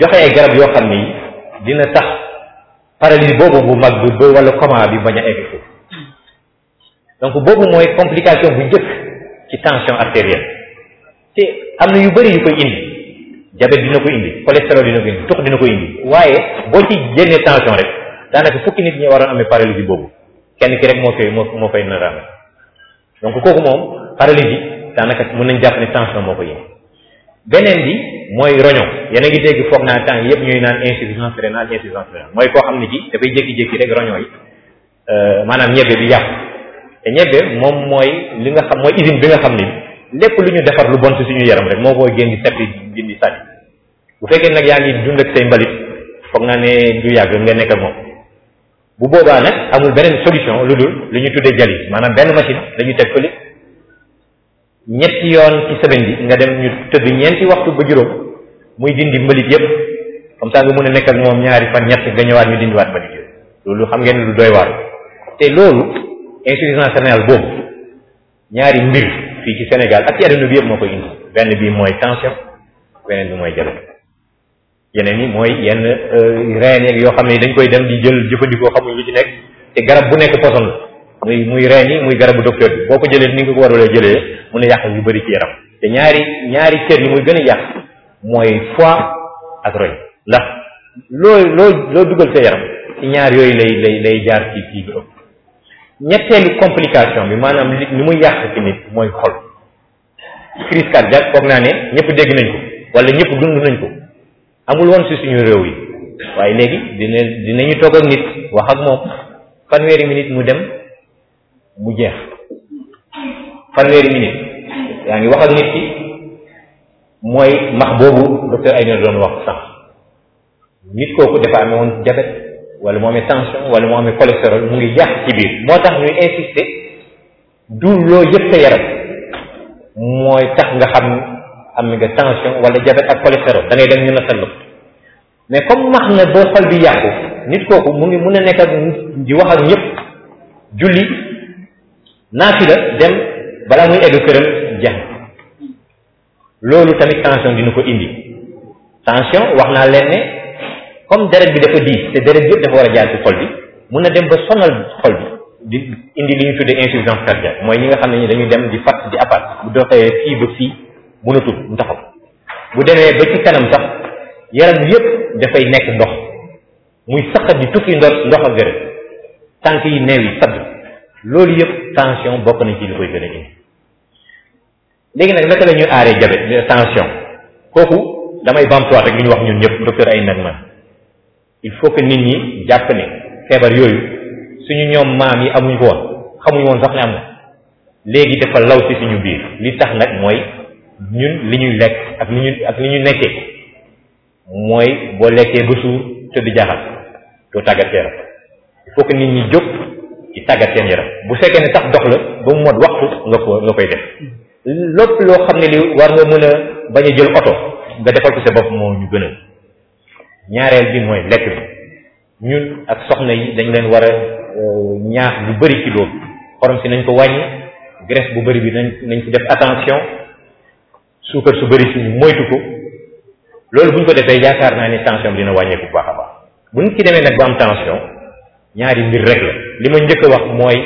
Speaker 3: joxe garab yoo xam ne dina tax paralysie boobu bu mag bi ba wala coma bi bañ a egg foofu donc boobu mooy complication bu njëkk ci tension artérielle te am na yu bëri yu koy indi diabète dina ko indi cholestérol dina ko indi tux dina ko indi waaye boo ci génnee tension rek daanaka fukki nit ñi waroon amee paralysie boobu kenn ki rek moo koy moo moo fay nar donc kooku moom paralysie daanaka mën nañ jàpp ne tension moo ko indi beneen bi mooy roño yéen gi ngi dégg foog naa temps yëpp ñuy naan insuffisance rénale insuffisance rénale mooy koo xam ne ci dafay jékki-jékki rek roño yi euh, maanaam ñebe bi yàqu te ñebe moom mooy li nga xam mooy usine bi nga xam ni lépp lu ñu defar lu bon ci suñu yaram rek moo koy génn seppi dindi sànni bu fekkee nag yaa ngi dund ak say mbalit foog naa ne du yàgg nga nekk ak moom bu boobaa nag amul beneen solution lu dul lu ñu tuddee jali maanaam ñetti yoon ci semaine bi nga dem ñu tëdd ñeenti waxtu ba juróom muy dindi mbalit yépp comme ça nga mën a nekk ak moom ñaari fan ñett nga ñëwaat ñu dindiwaat mbalit yooyu loolu xam ngeen lu doy waar te loolu insuffisance rénale boobu ñaari mbir fii ci Sénégal ak ci àdduna bi yëpp moo koy indi benn bi mooy tension beneen bi mooy diabète yeneen yi mooy yenn euh, reen yeeg yoo xam ne dañ koy dem di jël jëfandikoo xamuñ lu ci nekk te garab bu nekk poson la muy muy reen yi muy garabu docteur bi boo ko jëlee ni nga ko warulee jëlee mun a yàq yu bëri ci yaram te ñaari ñaari cër yi muy gën a yàq mooy foie ak roñ ndax loo loo loo dugal sa yaram ci ñaar yooyu lay lay lay jaar ci kii bi ëpp ñetteelu complication bi maanaam li ni muy yàq ci nit mooy xol crise cardiaque foog naa ne ñëpp dégg nañ ko wala ñëpp dund nañ ko amul wan ci suñu réew yi waaye léegi dina dinañu toog ak nit wax ak moom fanweeri minute mu dem mu jeex fanweeri minute
Speaker 2: yaa ngi wax ak nit ki
Speaker 3: mooy max boobu docteur Aynour doon wax sax nit kooku dafa amee woon diabète wala mu amee tension wala mu amee cholestérol mu ngi jaax ci biir moo tax ñuy insister du loo yëpp sa yaram mooy tax nga xam am nga tension wala diabète ak cholestérol da ngay dem ñu na sa mais comme max na boo xol bi yàqu nit kooku mu ngi mun a nekk ak wax ak ñëpp julli la dem balaa muy egg këram jeex loolu tamit tension dina ko indi tension wax naa leen ne comme deret bi dafa diis te deret yëpp dafa war a jaar ci xol bi mun na dem ba sonal xol bi di indi li ñu tuddee insuffisance cardiaque mooy ñi nga xam ne ñi dañuy dem di fàtt di apat bu doxee fii ba fii mënatul mu taxaw bu demee ba ci kanam yëpp dafay nekk ndox muy saxat di tukki ndox ndox ak gërëm tànk yi neew yi sadd loolu yëpp tension bokk nañ ci li koy gën a
Speaker 4: léegi nag naka la ñuy aaree
Speaker 3: diabète euh, kooku damay bamtuwaat rek li ñu wax ñun ñëpp docteur ay nag man il faut que nit ñi jàpp ne feebar yooyu suñu ñoom maam yi amuñ ko woon xamuñ woon sax ne am na léegi dafa law ci suñu biir li tax nag mooy ñun li ñuy lekk ak li ñu ak li ñu nekkee mooy boo lekkee ba suur tëdd jaaxal doo tàggat yaram il faut que nit ñi jóg ci tàggat seen yaram bu fekkee ne tax dox la ba mu mot waxtu nga ko nga koy def lépp loo xam ne li war nga mën a bañ a jël oto nga defal ko sa bopp moo ñu gënal ñaareel bi mooy lekk bi ñun ak soxna yi dañ leen war a euh, ñaax lu bari ci loolu xorom si nañ ko wàññi graisse bu bari bi nañ nañ ci def attention suukar su bari si moytu ko loolu bu ñu ko defee yaakaar naa ni tension bi dina wàññeeku baax a baax bu ñu ci demee nag ba am tension ñaari mbir rek la li ma njëkk wax mooy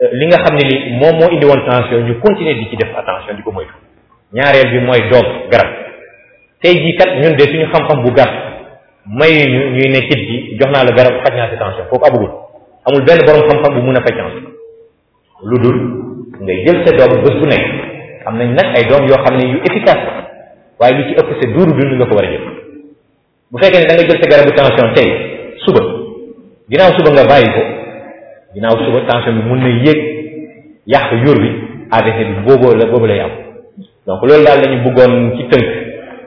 Speaker 3: euh, li nga xam ne li moom moo indi woon tension ñu continuer di ci def attention di ko moytu ñaareel bi mooy doog garab tey jii kat ñun de suñu xam-xam bu gàtt may ñu ñuy ne kit gi jox naa la garab faj naa si tension foofu abugul amul benn borom xam-xam bu mun a faj tension lu dul ngay jël sa doom bés bu nekk am nañ nag ay doom yoo xam ne yu efficace waaye lu ci ëpp sa duuru dund nga ko war a jël bu fekkee ne da nga jël sa garabu tension tey suba ginnaaw suba bàyyi ko ginnaaw suba tension bi mun na yéeg yàq yur bi AVC bi boobu la boobu lay am donc loolu daal lañu bëggoon ci tënk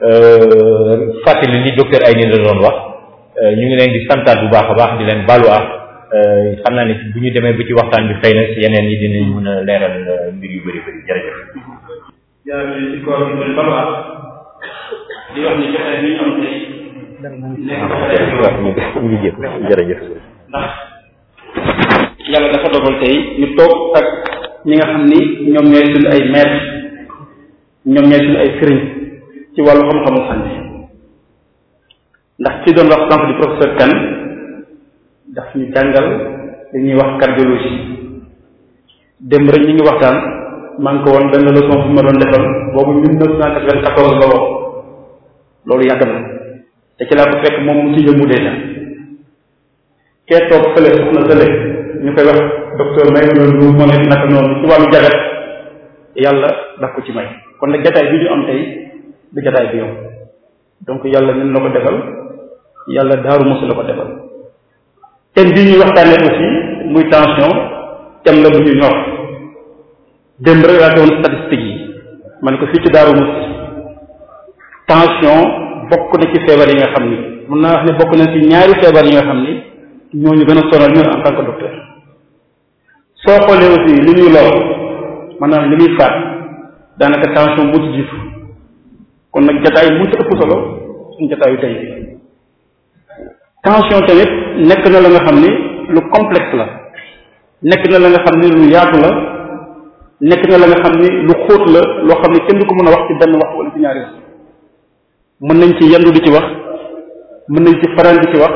Speaker 3: euh, fàttali li docteur Ayni la doon wax euh, ñu ngi leen di santaat bu baax a baax di leen balu ak euh, xam naa ne bu ñu demee ba ci waxtaan bi xëy yeneen yi dinañ mën a leeral mbir yu bëri bëri jërëjëf.
Speaker 1: jaajëf
Speaker 2: ci
Speaker 1: yàlla dafa dogal tey ñu toog ak ñi nga xam ni ñoom ñooy suñu ay maître ñoom ñooy suñu ay sëriñ ci wàllu xam-xamu santé ndax ci doon wax sànq di professeur Kane daf ñu jàngal dañuy wax cardiologie dem rek ñu ngi waxtaan maa ngi ko woon benn leçon bu ma doon defal boobu mille neuf cent quatre-vingt-quatorze la wax loolu yàgg na te ci laa ko fekk moom mu ci yëngu déjà ñu koy wax docteur may loolu lu moom ci wàllu kon nag jataay bi ñu am tey du jataay bi yow yàlla ñun la ko defal
Speaker 3: yàlla daaru la ko
Speaker 1: bi ñuy muy tension thème la bu ñu ñor ko fii ci daaru na ci feebar yi nga xam ni mun naa wax ne bokk na ci ñaari feebar yi nga xam ni ñooñu gën a sonal ñun en tant que docteur soo xoolee aussi li ñuy lor maanaam li muy faat daanaka tension moo ci jiitu kon nag jataay mu ci ëpp solo suñ jataayu tey tension tamit nekk na la nga xam ni lu complexe la nekk na la nga xam ni lu yaatu la nekk na la nga xam ni lu xóot la
Speaker 5: loo xam ni kenn du ko mën a wax ci benn wax wala ci ñaari wax mën nañ ci yendu di ci wax mën nañ ci faral di ci wax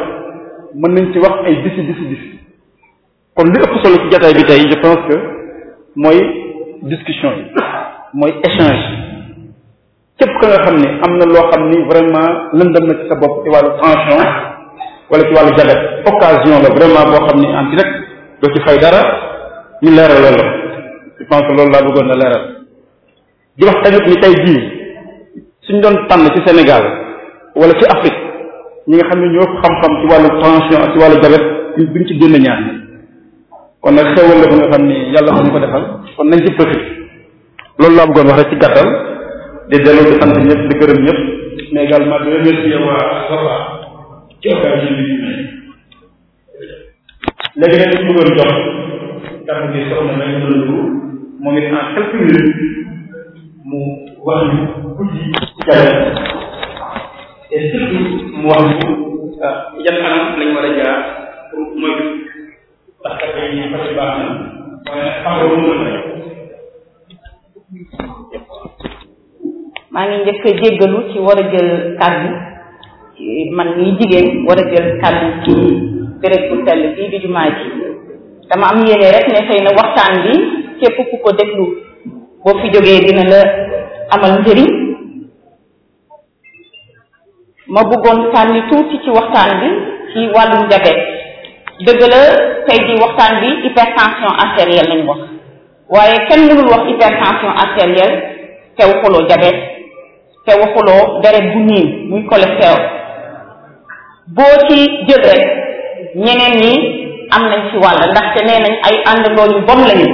Speaker 5: mën nañ ci wax ay bisi bisi bisi kon li ëpp solo ci jataay bi tey je pense que mooy discussion mooy échange képp ka nga xam ni am na loo xam ni vraiment lëndam na ci sa bopp ci
Speaker 1: wàllu tension wala ci wàllu diabète occasion la vraiment boo xam ni en direct doo dara ñu leeral loolu je pense loolu laa bëggoon na leeral di wax tamit ni tey jii suñ doon tànn ci Sénégal wala ci Afrique ñi nga xam ne ñoo xam-xam ci wàllu tension ci wàllu diabète duñ ci génn ñaar kon nag xewal la bu nga xam ni yàlla moo ñu ko defal kon nañ ci profit loolu laa bëggoon wax rek ci gàttal di delloo di sant ñëpp di gërëm ñëpp mais également di remercier waa Wafa ci occasion bi ñu may léegi nag ñu bëggoon jox
Speaker 2: kàddu gi soxna nañ doon lu moom mu wax ñu guddi jaay et surtout mu wax ñu
Speaker 1: euh, yan anam lañ war a jaar pour moytu ndax kat yooyu ñu bëri baax
Speaker 4: maa ngi njëkk a jéggalu ci war a jël kàddu ci man mii jigéen war a jël kàddu ci béréb bu jumaa ji dama am yéene rek ne xëy na waxtaan bi képp ku ko déglu boo fi jógee dina la amal njëriñ ma bëggoon sànni tuuti ci waxtaan bi ci wàllum jabet dëgg la tey jii waxtaan bi hypertension artérielle lañ wax waaye kenn mënul wax hypertension artérielle te waxuloo diabète te waxuloo deret bu niin muy cholestérol boo ci jël rek ñeneen ñi am nañ ci wàll ndaxte nee nañ ay àndandoo yu bon lañu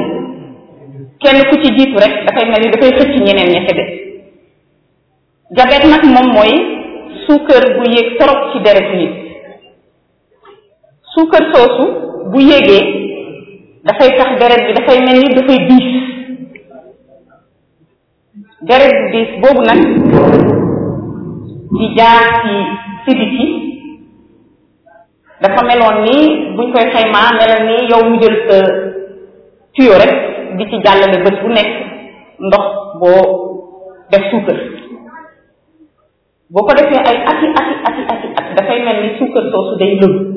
Speaker 4: kenn ku ci jiitu rek dafay mel ni dafay xëcc ñeneen ña ca des nag moom mooy suukar bu yéeg trop ci deret nit suukar soosu bu yéegee dafay tax deret bi dafay mel ni dafay diis deret bu diis boobu nag di jaar ci sidit yi dafa meloon ni buñ koy xaymaa melal ni yow mu jël sa tuyo rek di ci jàllale bët bu nekk ndox boo def suukar boo ko defee ay ati ati ati ati at dafay mel ni suukar soosu day lëlu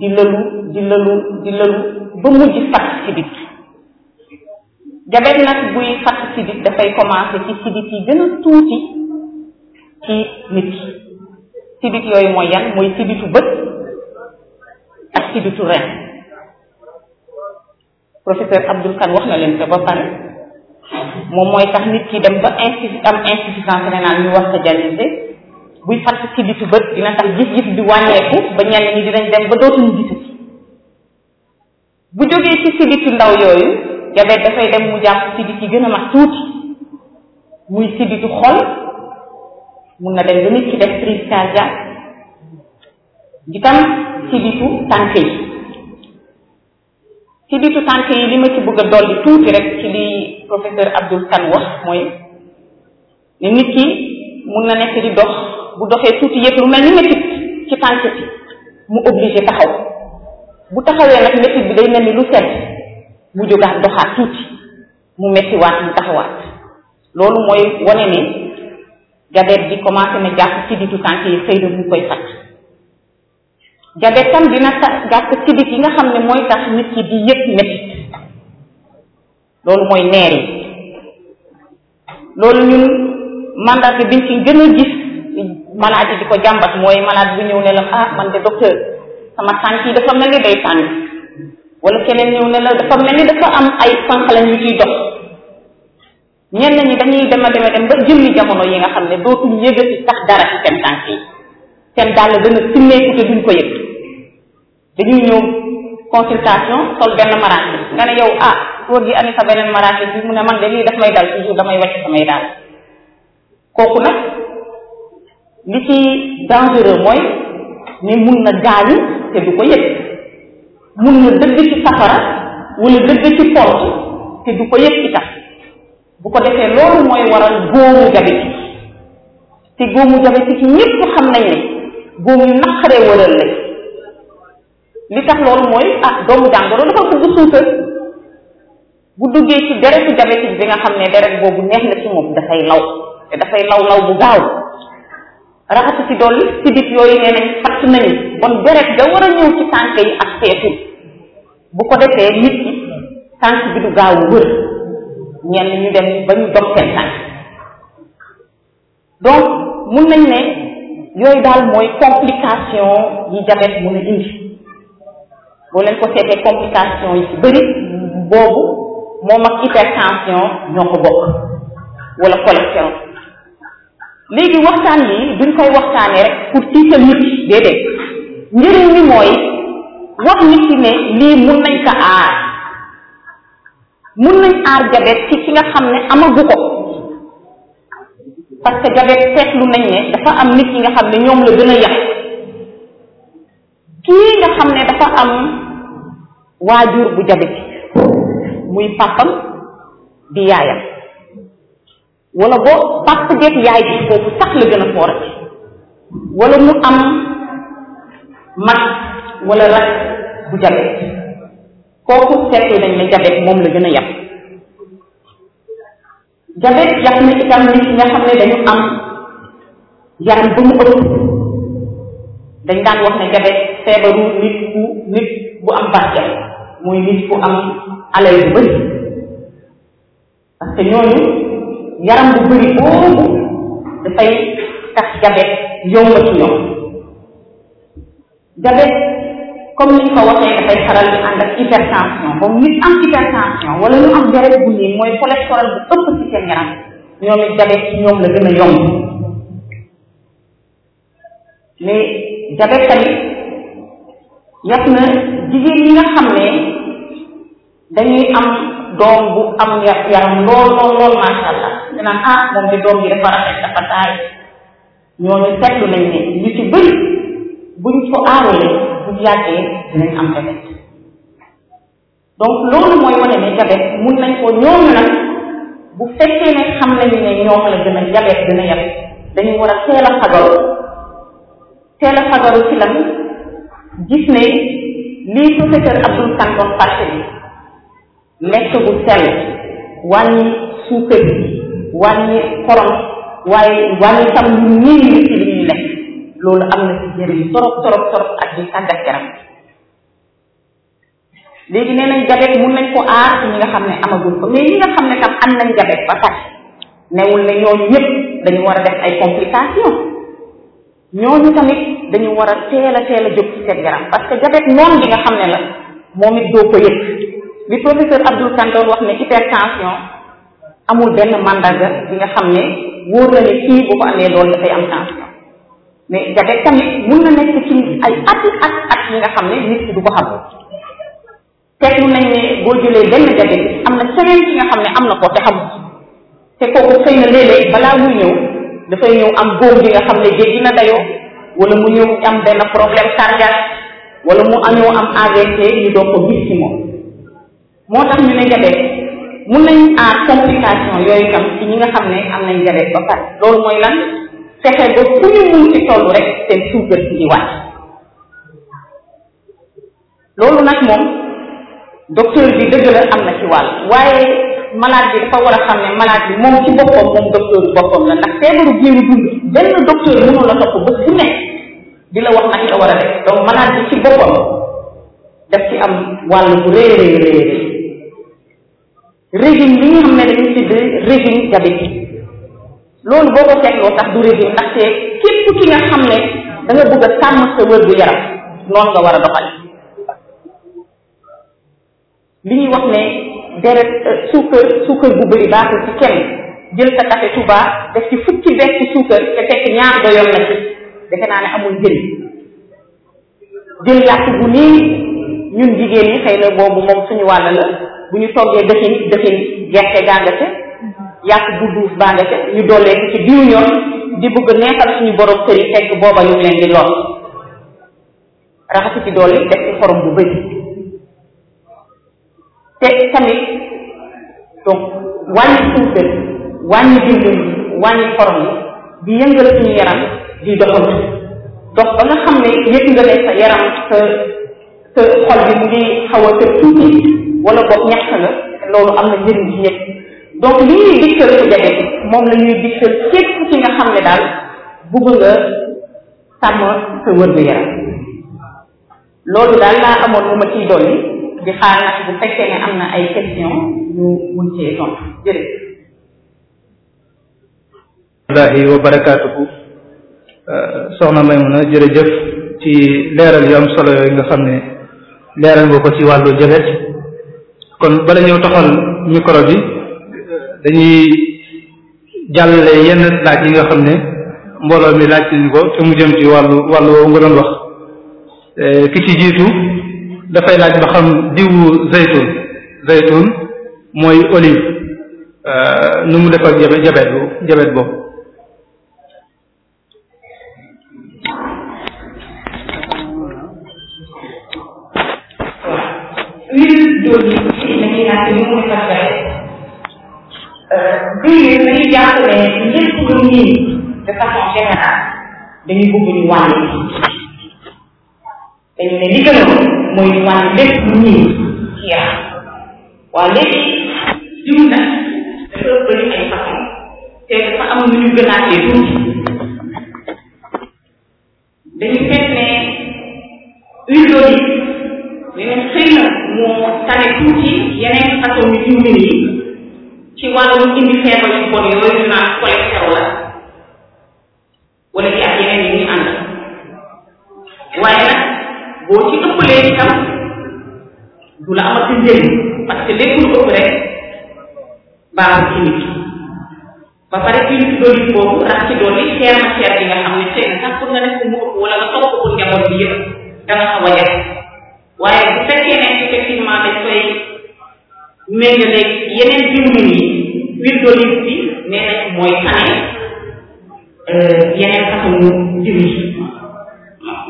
Speaker 4: di lëlu di lëlu di lëlu ba mujj fat sidit jabet nag buy fat sidit dafay commencé ci sidit yi gën a tuuti ci nit ki yooyu mooy yan mooy siditu bët ak siditu ren professeur Abdul Kan wax na leen ko ba pare moom mooy tax nit ki dem ba insuffisance am insuffisance rénale ñu wax ko dialysé buy far ci sidditu bët dina tax gis-gis bi wàññeeku ba ñenn ñi dinañ dem ba dootuñu gisati bu jógee ci sidditu ndaw yooyu jabet dafay dem mu jàpp siddit gën a mag tuuti muy sidditu xol mun na dem ba nit ki def crise cardiaque itam sidditu tànk yi sidditu tànk yi li ma ci bëgg a dolli tuuti rek ci li professeur Abdul Kan wax mooy ne nit ki mun na nekk di dox bu doxee tuuti yëpp lu mel ni métit ci tànk bi mu obligé taxaw bu taxawee nag métit bi day mel ni lu sedd mu jógaat doxaat tuuti mu méttiwaat mu taxawaat loolu mooy wane ni jabet bi commencé na jàpp sidditu tànk yi xëy na mu koy faj jabet tam dina tax jàpp siddit yi nga xam ne mooy tax nit ki di yëg métit loolu mooy neer yi loolu ñun mandarga biñ ci gën a gis malade bi di ko jàmbat mooy malade bu ñëw ne la ah man de docteur sama tànk yi dafa mel ni day tàng wala keneen ñëw ne la dafa mel ni dafa am ay sànq lañ ñu ciy dox ñenn ñi dañuy dema deme dem ba jëmmi jamono yi nga xam ne dootuñ yëgati sax dara ci seen tànk yi seen dàll dana simmeeku te ko yëg dañuy ñëw consultation sol benn maraakis nga ne yow ah góor gi ani sa beneen maraakis bi mu ne man de lii daf may dal toujours damay wàcc samay daal kooku nag li ci dangereux mooy ne mun na gaañu te du ko yëg mun na dëgg ci safara wala dëgg ci porte te du ko yëg itam bu ko defee loolu mooy waral góomu diabétique te góomu diabétique ñépp xam nañ ne góom yu naqaree wëral la li tax loolu mooy ah doomu jàngoro dafa ko bu suukar bu duggee ci deretu diabétique bi nga xam ne deret boobu neex na ci moom dafay law te dafay law law bu gaaw raxasu ci dolli sidit yooyu nee nañ fatt nañu bon deret ga war a ñëw ci tànk yi ak feetu bu ko defee nit ki tànk bi du gaaw wër ñenn ñu dem ba ñu dog seen tànk donc mun nañ ne yooyu daal mooy complication yi jabet mun a indi boo leen ko seetee complication yi ci bëri boobu moom ak hypertension ñoo ko bokk wala cholestérol léegi waxtaan bi duñ koy waxtaanee rek pour tiital nit yi déedéet njëriñ li mooy wax nit yi ne lii mun nañ ko aar mun nañ aar jabet ci ki nga xam ne amagu ko parce que jabet seetlu nañ ne dafa am nit yi nga xam ne ñoom la gën a yàq kii nga xam ne dafa am waajur bu jabet muy papam di yaayam wala boo pàpp geeg yaay bi foofu sax la gën a foore wala mu am mag wala rak bu jabet kooku seetlu nañ ne jabet moom la gën a yàpp jabet yàpp na itam nit nga xam ne dañu am yaram ba mu ëpp dañ daan wax ne jabet feebaru nit ku nit bu am barke mooy nit ku am alal yu bëri parce ñooñu yaram bu bëri boobu dafay tax jabet yomb ci ñoom jabet comme ni ñu ko waxee dafay faral di ànd ak hypertension boobu nit am hypertension wala ñu am deret bu niin mooy cholestérol bu ëpp ci seen yaram ñoom it jabet ci ñoom la gën a yomb mais jabet tamit yàpp na jigéen ñi nga xam ne dañuy am doom bu am yaram lool lool lool macha allah ñu naan ah, moom di doom ji dafa dafa taay ñooñu seetlu nañ ne ñu ci bëri buñ ko aarolee buñ yàggee dinañ am jabet donc loolu mooy wane ne jabet mun nañ ko ñooñu nag bu fekkee ne xam nañu ne ñoom la gën a jabet gën a war a teel a fagaru teel a gis ne lii professeur Abdul Kan doon bi lekk bu sell wàññi suukar wàññi xorom waaye wàññi tam lu néew ci lekk loolu am na ci njëriñ torop torop torop ak di tàggat yaram léegi nee nañ jabet mun nañ ko aar ci ñi nga xam ne amagul ko mais ñi nga xam ne tam am nañ jabet ba tax newul ne ñooñu ñëpp dañu war a def ay complications ñooñu tamit dañu war a teel a teel jóg ci seen yaram parce que jabet noonu bi nga xam ne la moom it doo ko yëg li professeur Abdul Kane wax ne hypertension amul benn mandarga bi nga xam ne wóor na ne kii bu ko amee loolu dafay am tension mais diabète tamit mun na nekk ci ay ati ak at yi nga xam ne nit ki du ko xam teetlu nañ ne boo jëlee benn diabète am na ne am na ko te xam te kooku xëy na léeg balaa muy ñëw dafay ñëw am góor bi nga xam ne jéggi na dayoo wala mu ñëw am benn problème cardiaque wala mu ñëw am AVC ñu doog ko gis ci moom moo tax ñu ne jabeet mun nañ aar complication yooyu nga xam ne am nañ jabeet ba pare loolu mooy lan fexe ba fu ñu mun ci toll rek seen suukar si di wàcc nag moom docteur bi dëgg am na ci wàll waaye malade bi dafa war a xam ne malade bi moom ci boppam moom docteur bi boppam la ndax feebaru biiru dund benn docteur mënu la topp bu nekk di wax nag la war a def donc malade bi ci boppam daf ci am wàll bu rëy rëy rëy régime bi nga xam ne dañu tudd régime diabétique loolu boo ko seetloo sax du régime ndaxte képp ki nga xam ne da nga bëgg a sa wér gu yaram noonu nga war a doxal li ñuy wax ne deret euh, suukar suukar bu bëri baaxul ci kenn jël sa café Touba def ci fukki bees ci suukar te fekk ñaar doyoon na ci defe amul njëriñ jël yàpp bu nii ñun jigéen ñi xëy na boobu moom suñu wàll la bu ñu toggee dëfin dëfin gerte gaa nga ca yàq bu duuf baa nga ca ñu dollee ci biir ñoom di bëgg neexal suñu borom kër fekk booba ñu leen di lool raxasi ci doole def ci xorom bu bëri te tamit donc wàññi suukar wàññi dimbali wàññi xorom yi di yëngal suñu yaram di doxantu dox ba nga xam ne yëg nga ne sa yaram sa sa xol bi mu ngi xaw a tëb tuuti wala boog ñàkk na loolu am na njëriñ ci ñëpp donc li ñuy dikkal ku jege moom la ñuy dikkal képp ci nga xam ne daal bugg nga sàmm sa wër-gu-yaram loolu daal laa amoon lu ma ciy dolli di xaar nag bu fekkee ne am na ay question ñu mun cee tontu jërëjëf
Speaker 5: wallahi wa barakaatuhu soxna Maymuna jërëjëf ci leeral yu am solo yooyu nga xam ne leeral nga ko ci wàllu jabet kon bala ñëw toxal micro bi dañuy jàllale yenn laaj yi nga xam ne mbooloo mi laaj nañ ko te mu jëm ci wàllu wàllu woowu nga doon wax eh, ki ci jiitu dafay laaj ba xam diwu zaytun zaytun mooy olive eh, nu mu def ak jabe jabet bu jabet boobu
Speaker 4: ci ñàkk ñu muy taxawee bii dañuy jàpp ne lépp lu ñuy de façon générale dañuy bëgg ñu wàññi dañu ne li gën a mooy ñu wàññi lépp lu ñuy ci yaram waaye léegi jiw na dafa bëri
Speaker 2: ay façon te dafa am lu ñu gën a tuuti dañu fekk ne huile d'olive
Speaker 4: ñu ne xëy na moo tane tuuti yeneen façon yu diwlin yi ci wàllum indi feebar yu bon yooyu ñu naan cholestérol wala ci ak yeneen yi ñuy boo ci ëppalee itam du la amati njëriñ parce que lépp lu ëpp rek baaxul ci nit ba pare ci nit dooli boobu ci dooli cher na cher bi nga xam ne xëy na sax wala nga topp ko njaboot bi yëpp da nga waaye bu fekkee ne effectivement dañ koy méngale yeneen bindu yi wirgoliste bi nee nañ mooy tane euh, yeneen façonu diwi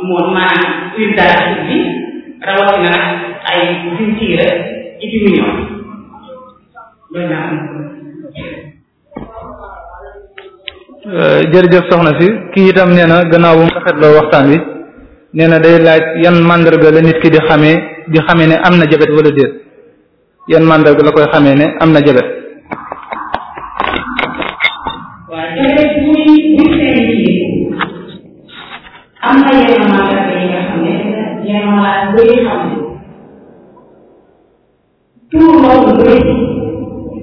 Speaker 4: moom maanaam huile d'arachide bi rawatina nag ci diminution
Speaker 2: loolu laa am
Speaker 5: euh, jërëjëf soxna si kii itam nee na gannaaw bu mu rafetloo waxtaan wi nee na day laaj yan màndarga la nit ki di xamee di xamee ne am na jabet walla déet yan mandarga la koy xamee ne am na jabet.
Speaker 2: waaw jabet
Speaker 4: yi nga xam ne yenn mandarga yi xam ne tuur loolu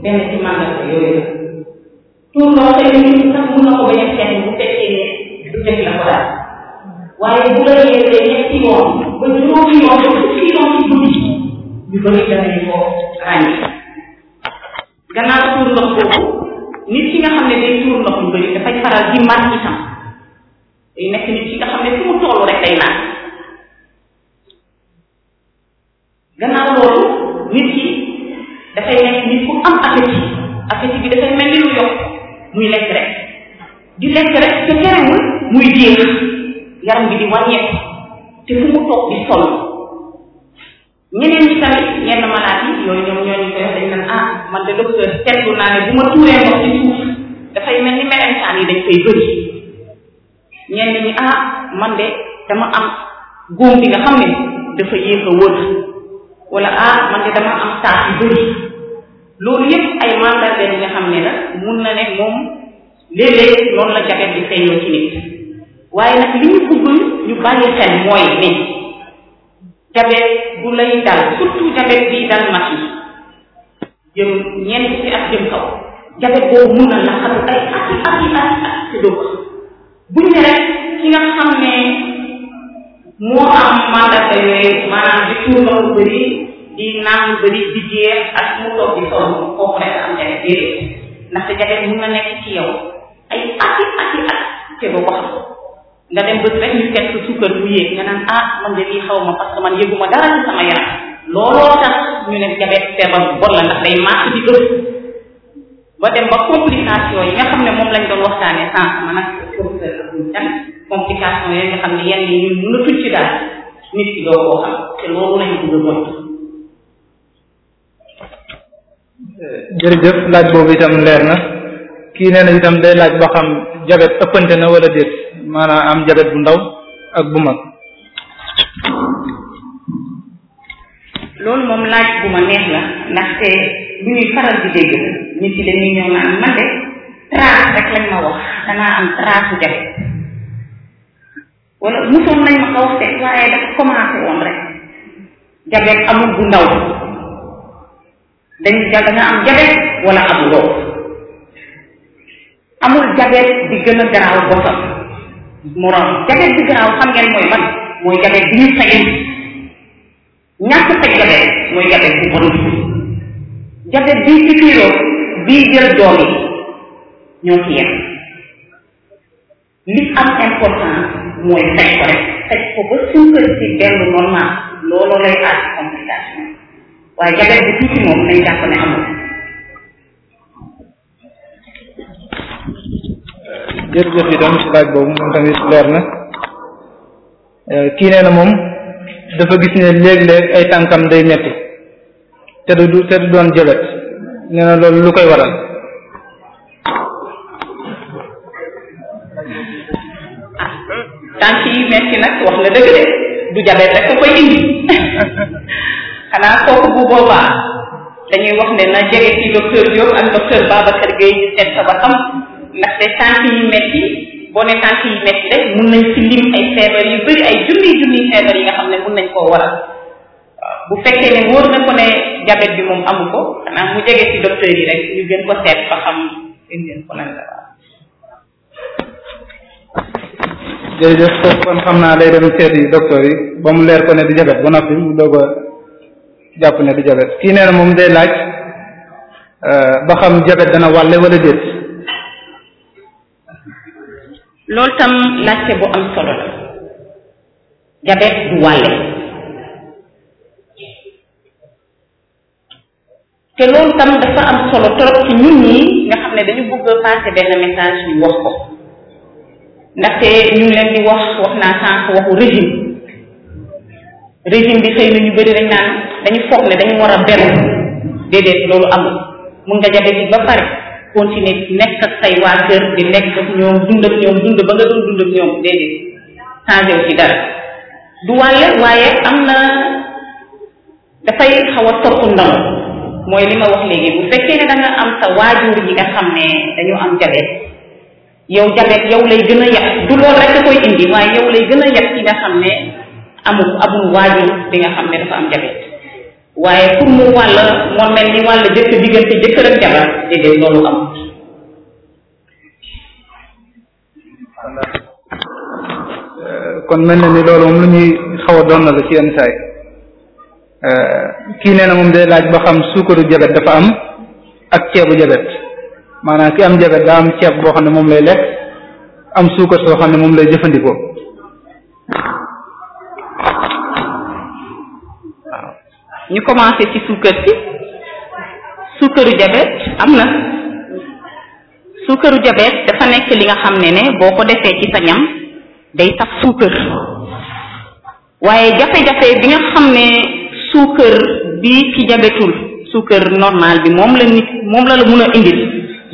Speaker 4: ci mandarga yooyu tuur loolu tamit sax mun na ko la waaye bu la yeesee ñetti yoon ba juróomi yoon ba fukki yoon ci guddi ñu bëri danañ ko ràññee gannaaw tuur ndox boobu nit ki nga xam ne day tuur ndox lu bëri dafay faral di mar itam day nekk nit ki nga xam ne fu mu toll rek day naan gannaaw loolu nit ki dafay nekk nit ku am appétit appétit bi dafay mel ni lu yokk muy lekk rek di lekk rek te terewul muy jeex yaram bi di wàññeeku te fu mu toog di sol ñeneen ñi tamit yenn malade yooyu ñoom ñoo ñu koy dañ naan ah man de docteur seetlu naa ne bu ma tuuree ndox dafay mel ni melentaan yi dañ koy bëri ñenn ñi ah man de dama am góom bi nga xam ne dafa yéex a wër wala ah man de dama am taas bëri loolu yëpp ay mandarga yi nga xam ne la mun na ne moom léeg-léeg la jafe di feeñoo ci nit waaye nag li ñu bëggoon ñu bàyyi xel mooy ne jabet bu lay dal surtout jabet bii dal machine jëm ñeent ci ak jëm kaw jabet boobu mun na la xam ay ati ati ati ak ci doo ko buñ ne rek ki moo am mandata yooyu maanaam di tuur lu bëri di naan lu bëri di jeex mu toog di sol kooku nekk am jabet déedéet ndaxte jabet mun na nekk ci yow ay ati ati ak ci ko nga dem bés rek ñu teg sa suukar bu yéeg nga naan ah man de lii xaw ma parce man yëguma dara ci sama yaram looloo tax ñu ne jabet feebar bu la ndax day màq di ëpp ba dem ba complication yi nga xam ne moom lañ doon waxtaanee sànq ma nag complication yooyu nga xam ne yenn yi ñun mën a tucc daal nit ki doo koo xam te loolu lañu bëgg a
Speaker 5: moytu laaj boobu itam leer na kii nee na itam day laaj ba xam jabet ëppante na wala déet maanaam am jabet bu ndaw ak bu mag
Speaker 4: loolu moom laaj bu ma neex la ndaxte ñuy faral di dégg ñu ci dañuy ñëw naan man de trace rek lañ ma wax danaa am trace bu jabet wala mosoon nañ ma ko wax waaye dafa commencé woon rek jabet amul bu ndaw dañ da nga am jabet wala amuloo amul jabet di gën a garaaw boppam moroom jabet bi garaaw xam ngeen mooy man mooy jabet bi ñu fajee ñàkk faj jabet mooy jabet bu bon jabet bii ci kiiroo bii jël doom yi ñoo ci yem li am importance mooy faj ko rek faj ko ba suukar si dellu normal looloo lay aar complication waaye jabet bi tuuti moom nañ jàpp ne amul
Speaker 5: jërëjëf itam si laaj boobu moom tamit leer na euh, kii nee na moom dafa gis ne léeg-léeg ay tànkam day metti te du te du doon jabet nee na loolu lu koy waral
Speaker 4: tànk yi metti nag wax na dëgg de du jabet rek ko koy indi (laughs) xanaa kooku bu boobaa dañuy wax ne na jege ci ak docteur Babacar Gueye ñu sa ba xam ndaxte tànk yu metti boo ne tànk yu metti rek mun nañ ci lim ay feebar yu bëri ay junni junni feebar yi nga xam ne mun nañ koo waral bu fekkee ne wóor na ko ne diabète bi moom amu
Speaker 5: xam naa day dem seet yi yi ba mu leer ko ne di diabète ba noppi mu doog a jàpp ne di diabète kii nee na moom day laaj euh, ba xam diabète dana wàlle wala déet
Speaker 4: lool tam laajte bu am solo la jabet du wàlle te loolu tam dafa am solo trop ci ñun ñi nga xam ne dañu bëgg a passé benn message ñu wax ko ndaxte ñu ngi leen di wax wax naa sànq waxu régime régime bi xëy na ñu bëri dañ naan dañu foog ne dañu war a beru déedéet loolu amul mun nga jabet bi ba pare continuer nekk ak say waa kër di nekk ak ñoom dund ñoom dund ba nga doon dund ak ñoom déedéet changé wu ci dara du waaye am na dafay xaw a topp ndaw mooy li ma wax léegi bu fekkee ne da nga am sa waajur yi nga xam ne dañu am jabet yow jabet yow lay gën a yàq du lool rek koy indi waaye yow lay gën a yàq ki nga xam ne amul amul waajur bi nga xam ne dafa am jabet waaye pour mu wàll moo mel ni wàll jëkk diggante jëkkër ak jabar déedéet loolu amut
Speaker 5: kon mel na ni loolu moom lu ñuy xaw na la ci yenn saay eh, na moom day laaj ba xam suukaru jabet dafa ak ceebu jabet maanaam ki am jabet daa am ceeb boo xam ne moom lay lekk am suukar soo xam ne moom lay jëfandikoo
Speaker 4: ñu commencé ci suukar si suukaru diabète am na suukaru diabète dafa nekk li nga xam ne ne boo ko defee ci sa ñam day saf suukar waaye jafe-jafe bi nga xam ne suukar bi ci diabétul suukar normal bi moom la nit moom la la mun a indil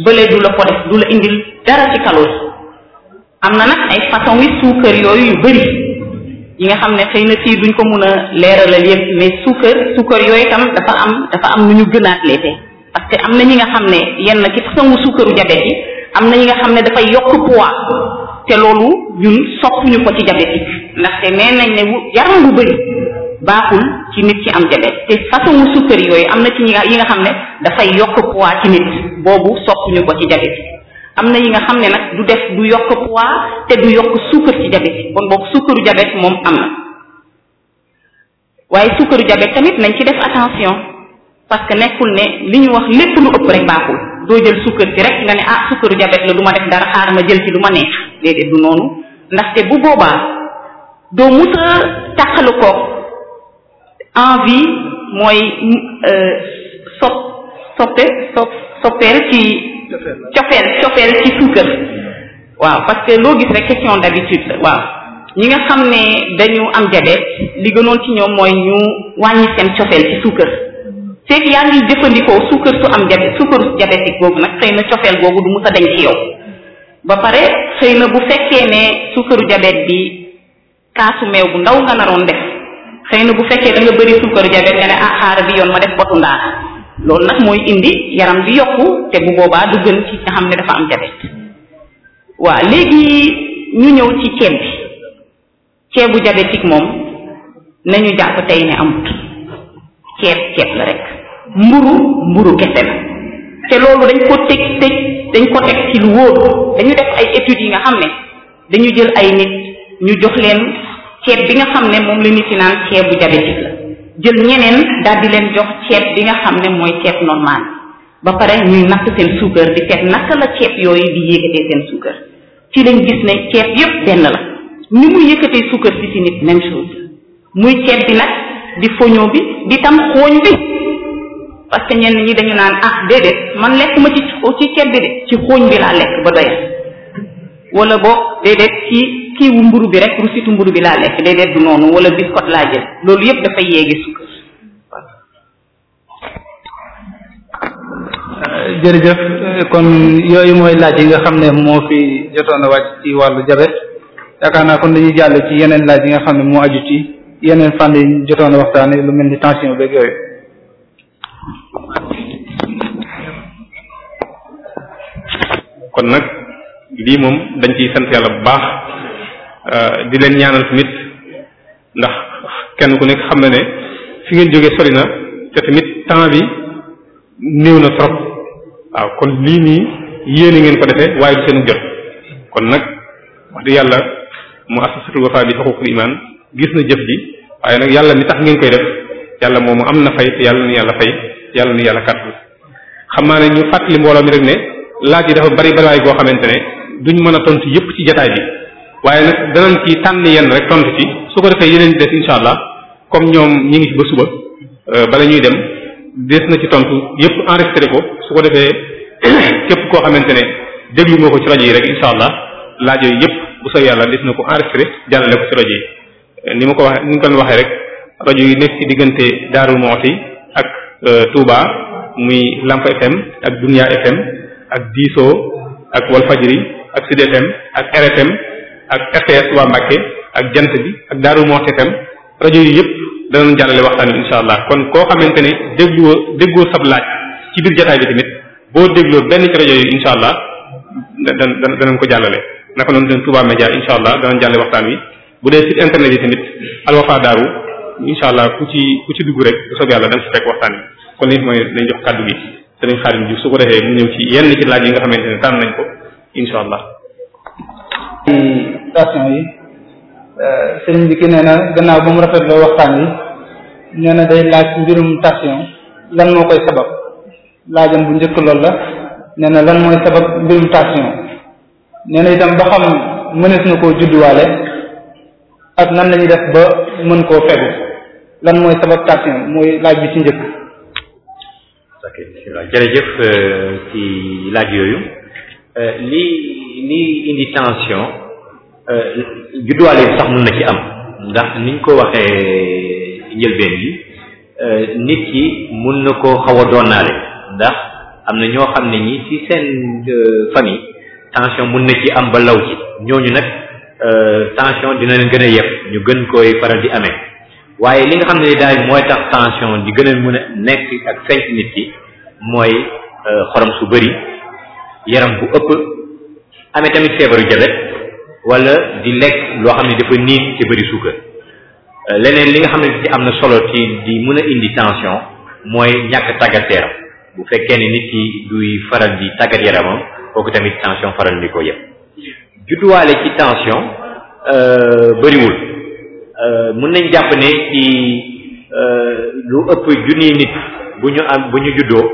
Speaker 4: bële du la ko def du la indil dara ci calorie am na nag ay façon wi suukar yooyu yu bari yi nga xam ne xëy na fii duñ ko mun a leeralal yépp mais suukar suukar yooyu tam dafa am dafa am nu ñu gënaat leete parce que am na ñi nga xam ne yenn ci façon suukaru jabet yi am na ñi nga xam ne dafay yokk poids te loolu ñun soppuñu ko ci jabet ndaxte nee nañ ne yaram bu bëri baaxul ci nit ci am jabet te façon yooyu am na ci ñi yi nga xam ne dafay yokk poids ci boobu soppuñu ko ci jabet yi am na yi nga xam ne nag du def du yokk poids te du yokk suukar ci diabète yi bon boobu suukaru diabète moom am na waaye suukaru diabète tamit nañ ci def attention parce que nekkul ne li ñu wax lépp lu ëpp rek baaxul doo jël suukar ci rek nga ne ah suukaru diabète la du ma def dara xaar ma jël ci lu ma neex déedéet du noonu ndaxte bu boobaa doo mus a tàqalu ko envie mooy euh, sopp soppe sopp soppeer ci cofeel cofeel ci suukar waaw parce que loo gis rek question d'habitude la waaw ñi nga xam ne dañu am diabète li gënoon ci ñoom mooy ñu wàññi seen cofeel ci suukar fekk yaa ngi jëfandikoo suukar su am diabète suukar su diabétique boobu nag xëy na cofeel googu du musa dañ ci yow ba pare xëy na bu fekkee ne suukaru diabète bi kaasu meew bu ndaw nga naroon def xëy na bu fekkee da nga bëri suukaru diabète nga ne ah xaaral bi yoon ma def botu ndaar loolu nag mooy indi yaram bi yokku te bu boobaa du gën ci nga xam ne dafa am jabet waa léegi ñu ñëw ci ceeb bi ceebu diabétique moom nañu jàpp tey ni am ceeb ceeb la rek mburu mburu kese la te loolu dañ ko teg teg dañ ko teg ci lu wóor dañu def ay études yi nga xam ne dañu jël ay nit ñu jox leen ceeb bi nga xam ne moom la nit yi naan ceebu diabétique la jël ñeneen daal di leen jox ceeb bi nga xam ne mooy ceeb normal ba pare ñuy natt seen suukar di seet naka la ceeb yooyu di yëkkatee seen suukar ci lañ gis ne ceeb yépp benn la ni muy yëkkatee suukar si ci nit même chose muy ceeb bi nag di foño bi di tam xooñ bi parce que ñenn ñi dañu naan ah déedéet man lekk ma ci ci ceeb bi de ci xooñ bi laa lekk ba doyal wala boo déedéet ci kiiwu mburu bi rek rusitu mburu bi laa lekk déedéet du noonu wala biscot laa jël loolu yépp dafay yéegi sukkar
Speaker 5: euh, kon yooyu mooy laaj yi nga xam ne moo fi jotoon a wàcc ci wàllu jabet yaakaar naa kon dañuy jàll ci yeneen laaj yi nga xam ne moo aju ci yeneen fànn yi jotoon waxtaane lu mel ni tension beeg yooyu
Speaker 1: kon nag lii moom dañ ciy sant yàlla bu baax Euh, di leen ñaanal tamit ndax kenn ku nekk xam na ne fi ngeen jóge sori na te tamit temps bi néew na trop waaw kon lii nii yéene ngeen ko defee waaye du seenu jot kon nag wax dëgg yàlla mu asasatul wafa bi xuququl iman gis na jëf ji waaye nag yàlla mi tax ngeen koy def yàlla moomu am na fay te yàlla nu yàlla fay yàlla nu yàlla kàttan xam naa ne ñu fàttali mbooloo mi rek ne laaj yi dafa bari balaay goo xamante ne duñ mën a tontu yépp ci jataay bi waaye nag danañ ci tànn yenn rek tontu ci su ko defee yeneen des incha allah comme ñoom ñi ngi ci ba suba euh, bala ñuy dem des na ci tontu yépp enregistré ko su ko defee (coughs) képp koo xamante ne déglu nga ko ci rajo yi rek incha allah laajo yi yépp bu soobee yàlla des na ko en enregistré jàllale ko ci rajo yi euh, ni ma ko wax ni ñu ko waxee rek rajo yi nekk ci diggante Darou Moukhty ak euh, Touba muy Lamp FM ak Dunia FM ak Diso ak Walfajri ak Sud FM ak RFM ak RTS waa Mbacke ak jant bi ak Darou Moukhty FM rajo yi yëpp danañ jàllale waxtaan wi insha allah kon koo xamante ne dégluwoo déggoo sab laaj ci biir jotaay bi tamit boo dégloo benn ci rajo yi insha allah da da danañ ko jàllale naka noonu dañ Touba Média insha allah danañ jàllale waxtaan wi bu dee site internet yi tamit Al Wafa Daaru insha allah ku ci ku ci dugg rek bu soobee yàlla da nga ci fekk waxtaan wi kon li mooy dañ jox kàddu gi te dañ xaarim ji su ko defee mu ñëw ci yenn ci laaj yi nga xamante ne tànn nañ ko insha allah
Speaker 5: question yi euh, sëriñ bi ki nee na gannaaw ba mu rafetloo waxtaan yi nee na day laaj mbirum tension lan moo koy sabab laajam bu njëkk lool la nee na lan mooy sabab mbirum tension nee na itam ba xam mënees na koo judduwaale ak nan la def ba mën koo fegu lan mooy sabab tension mooy laaj bi ci njëkk
Speaker 2: ok
Speaker 3: jërëjëf euh, ci laaj yooyu euh, lii lii indi tension judduwaale bi sax mun na ci am ndax niñ ko waxee njëlbeen bi euh, nit ki mun na koo xaw a doonaale ndax am na ñoo xam ne ñi ci seen euh, famille tension mën na ci am ba law ci ñooñu nag euh, tension dina leen gën a yeb ñu gën koy faral di amee waaye li nga xam ne daal mooy tax tension di gën a mën a nekk ak feeñ nit ki mooy xorom su bari yaram bu ëpp amee tamit feebaru jabet walla di lekk loo xam ne dafa niin te bëri suukar euh, leneen li nga xam ne ci am na solo ci di mën a indi tension mooy ñàkk tàggat yaram bu fekkee ne nit ki duy faral di tàggat yaramam kooku tamit tension faral ni ko yëpp judduwaale ci tension euh, bëriwul euh, mën nañ jàpp ne ci lu ëpp junniy nit bu ñu am bu ñu juddoo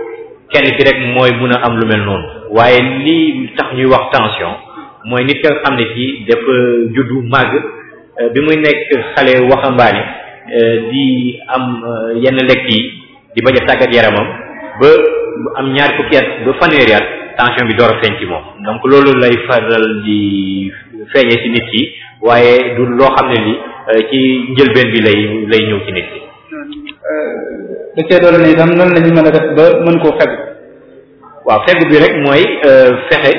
Speaker 3: kenn ki rek mooy mën a am lu mel noonu waaye lii tax ñuy wax tension mooy nit ka nga xam ne kii dafa juddu màgg euh, bi muy nekk xale waxambaane euh, di am euh, yenn lekk yi di bañ a tàggat yaramam ba am ñaari fukki at ba fanweeri tension bi door a feeñ ci moom donc loolu lay faral di feeñee ci nit ki waaye du loo xam ne li ci njëlbeen bi lay lay ñëw ci nit ki.
Speaker 5: da cee doon ne itam nan la
Speaker 3: ñu mën a def ba mën koo faj. waaw fegu bi rek mooy euh, fexe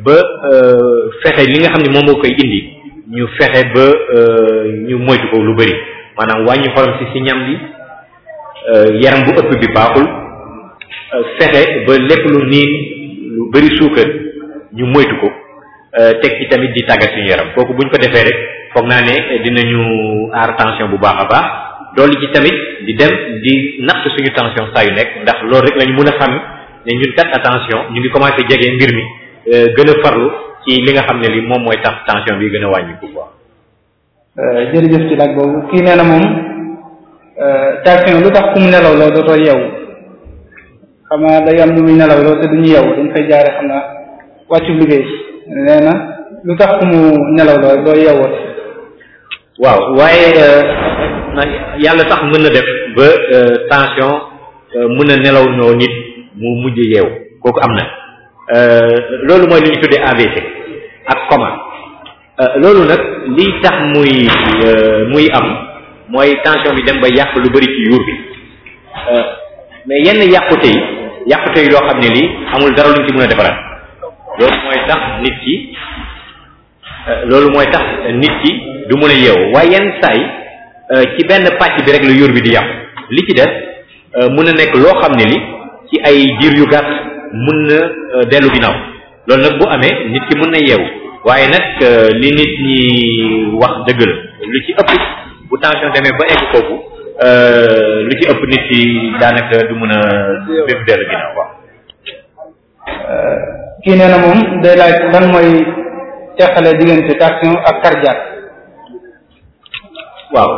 Speaker 3: ba euh, fexe li nga xam ne moom moo koy indi ñu fexe ba euh, ñu moytu ko lu bari maanaam wàññi xorom si si ñam bi yaram bu ëpp bi baaxul fexe ba lépp lu niin lu bari suukar ñu moytu ko teg ci tamit di tàggat suñu yaram kooku bu ñu ko defee rek foog naa ne dinañu aar tension bu baax a baax dolli ci tamit di dem di natt suñu tension saa yu nekk ndax loolu rek lañu mën a xam ne ñun kat attention ñu ngi commencé jege mbir mi euh, gën a farlu ci li nga xam ne li moom mooy tax tension bi gën a wàññi ko quoi.
Speaker 1: Euh, jërëjëf
Speaker 5: ci laaj boobu kii nee na moom euh, tension lu tax ku mu nelaw loo dootoo yeewu xam naa day am lu muy nelaw loo te duñu yeewu dañ fay jaare xam naa wàccu liggéey nee na lu tax ku mu nelaw loo doo yeewoo.
Speaker 3: waaw waaye yàlla sax mën na def ba tension mën a nelaw noo nit. mu mujj yeewu kooku am na euh, loolu mooy li ñu tuddee AVC ak coma euh, loolu nag liy tax muy euh, muy am mooy tension bi dem ba yàq lu bari ci yuur bi mais yenn yàqute yi yàqute yi loo xam ne lii amul dara luñ ci mën a defaraat loolu mooy tax nit ki loolu mooy tax nit ki du mën a yeewu waaye yenn saay ci benn pàcc bi rek la yuur bi di yàqu li ci def mën a nekk loo xam ne li ci ay diir yu gàtt mun na euh, dellu ginnaaw loolu nag bu amee nit ki mun na yeewu waaye nag euh, li nit ñi wax dëgg la lu ci ëpp bu tension demee ba egg foofu euh, lu ci ëpp nit ki daanaka du mun a
Speaker 2: bépp dellu ginnaaw waaw.
Speaker 5: kii nee na moom day laaj lan
Speaker 3: mooy teqale
Speaker 5: diggante tension ak cardiaque.
Speaker 3: waaw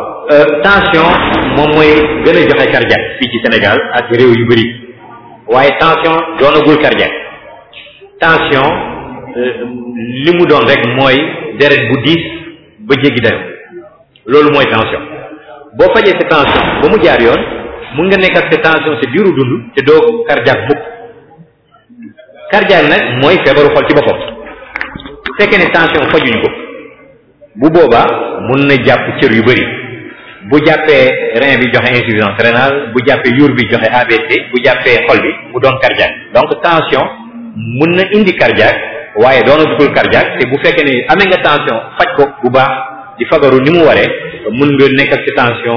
Speaker 3: tension moom mooy gën a joxe cardiaque fii ci Sénégal ak réew yu bari waaye tension doonagul cardiaque tension euh, li mu doon rek mooy deret bu diis ba jéggi dayo loolu mooy tension boo fajee sa tension ba mu jaar yoon mun nga nekk ak sa tension sa diiru dund te doo cardiaque mukk cardiaque nag mooy feebaru xol ci boppam fekkee ne tension fajuñ ko bu boobaa mun na jàpp cër yu bari bu jàppee rein bi joxe insuffisance rénale bu jàppee yuur bi joxe AVC bu jàppee xol bi mu doon cardiaque donc tension mën na indi cardiaque waaye doona dugul cardiaque te bu fekkee ne amee nga tension faj ko bu baax di fagaru ni mu waree mën nga nekk ak ci tension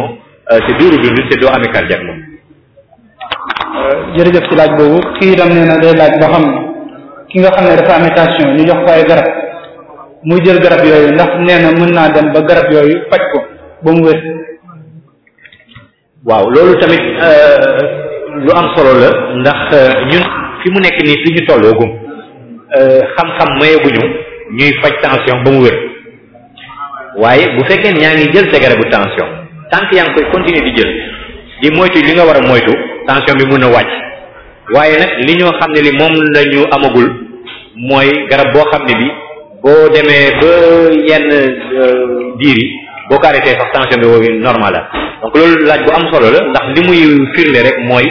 Speaker 3: euh, te duuru dund te doo amee cardiaque moom.
Speaker 5: Euh, jërëjëf laaj boobu kii itam na day xam ki nga xam ne dafa amee tension ñu jox ko ay garab jël garab yooyu ndax nee na mën naa dem ba garab yooyu faj ko
Speaker 3: ba mu wér. waaw loolu tamit euh, lu am solo la ndax euh, ñun fi mu nekk nii fi ñu tolloogum euh, xam-xam mayeguñu ñuy faj tension ba mu wér waaye bu fekkee ñaa ngi jël segare bu tension tant que yaa ngi koy continuer di jël di moytu li nga war a moytu tension bi mun a wàcc waaye nag li ñoo xam ne li moom la ñu amagul mooy garab boo xam ne bi boo demee ba yenn diir yi boo ko arrêté sax tension bi woowu normal la donc loolu laaj bu am solo la ndax li muy firnde rek mooy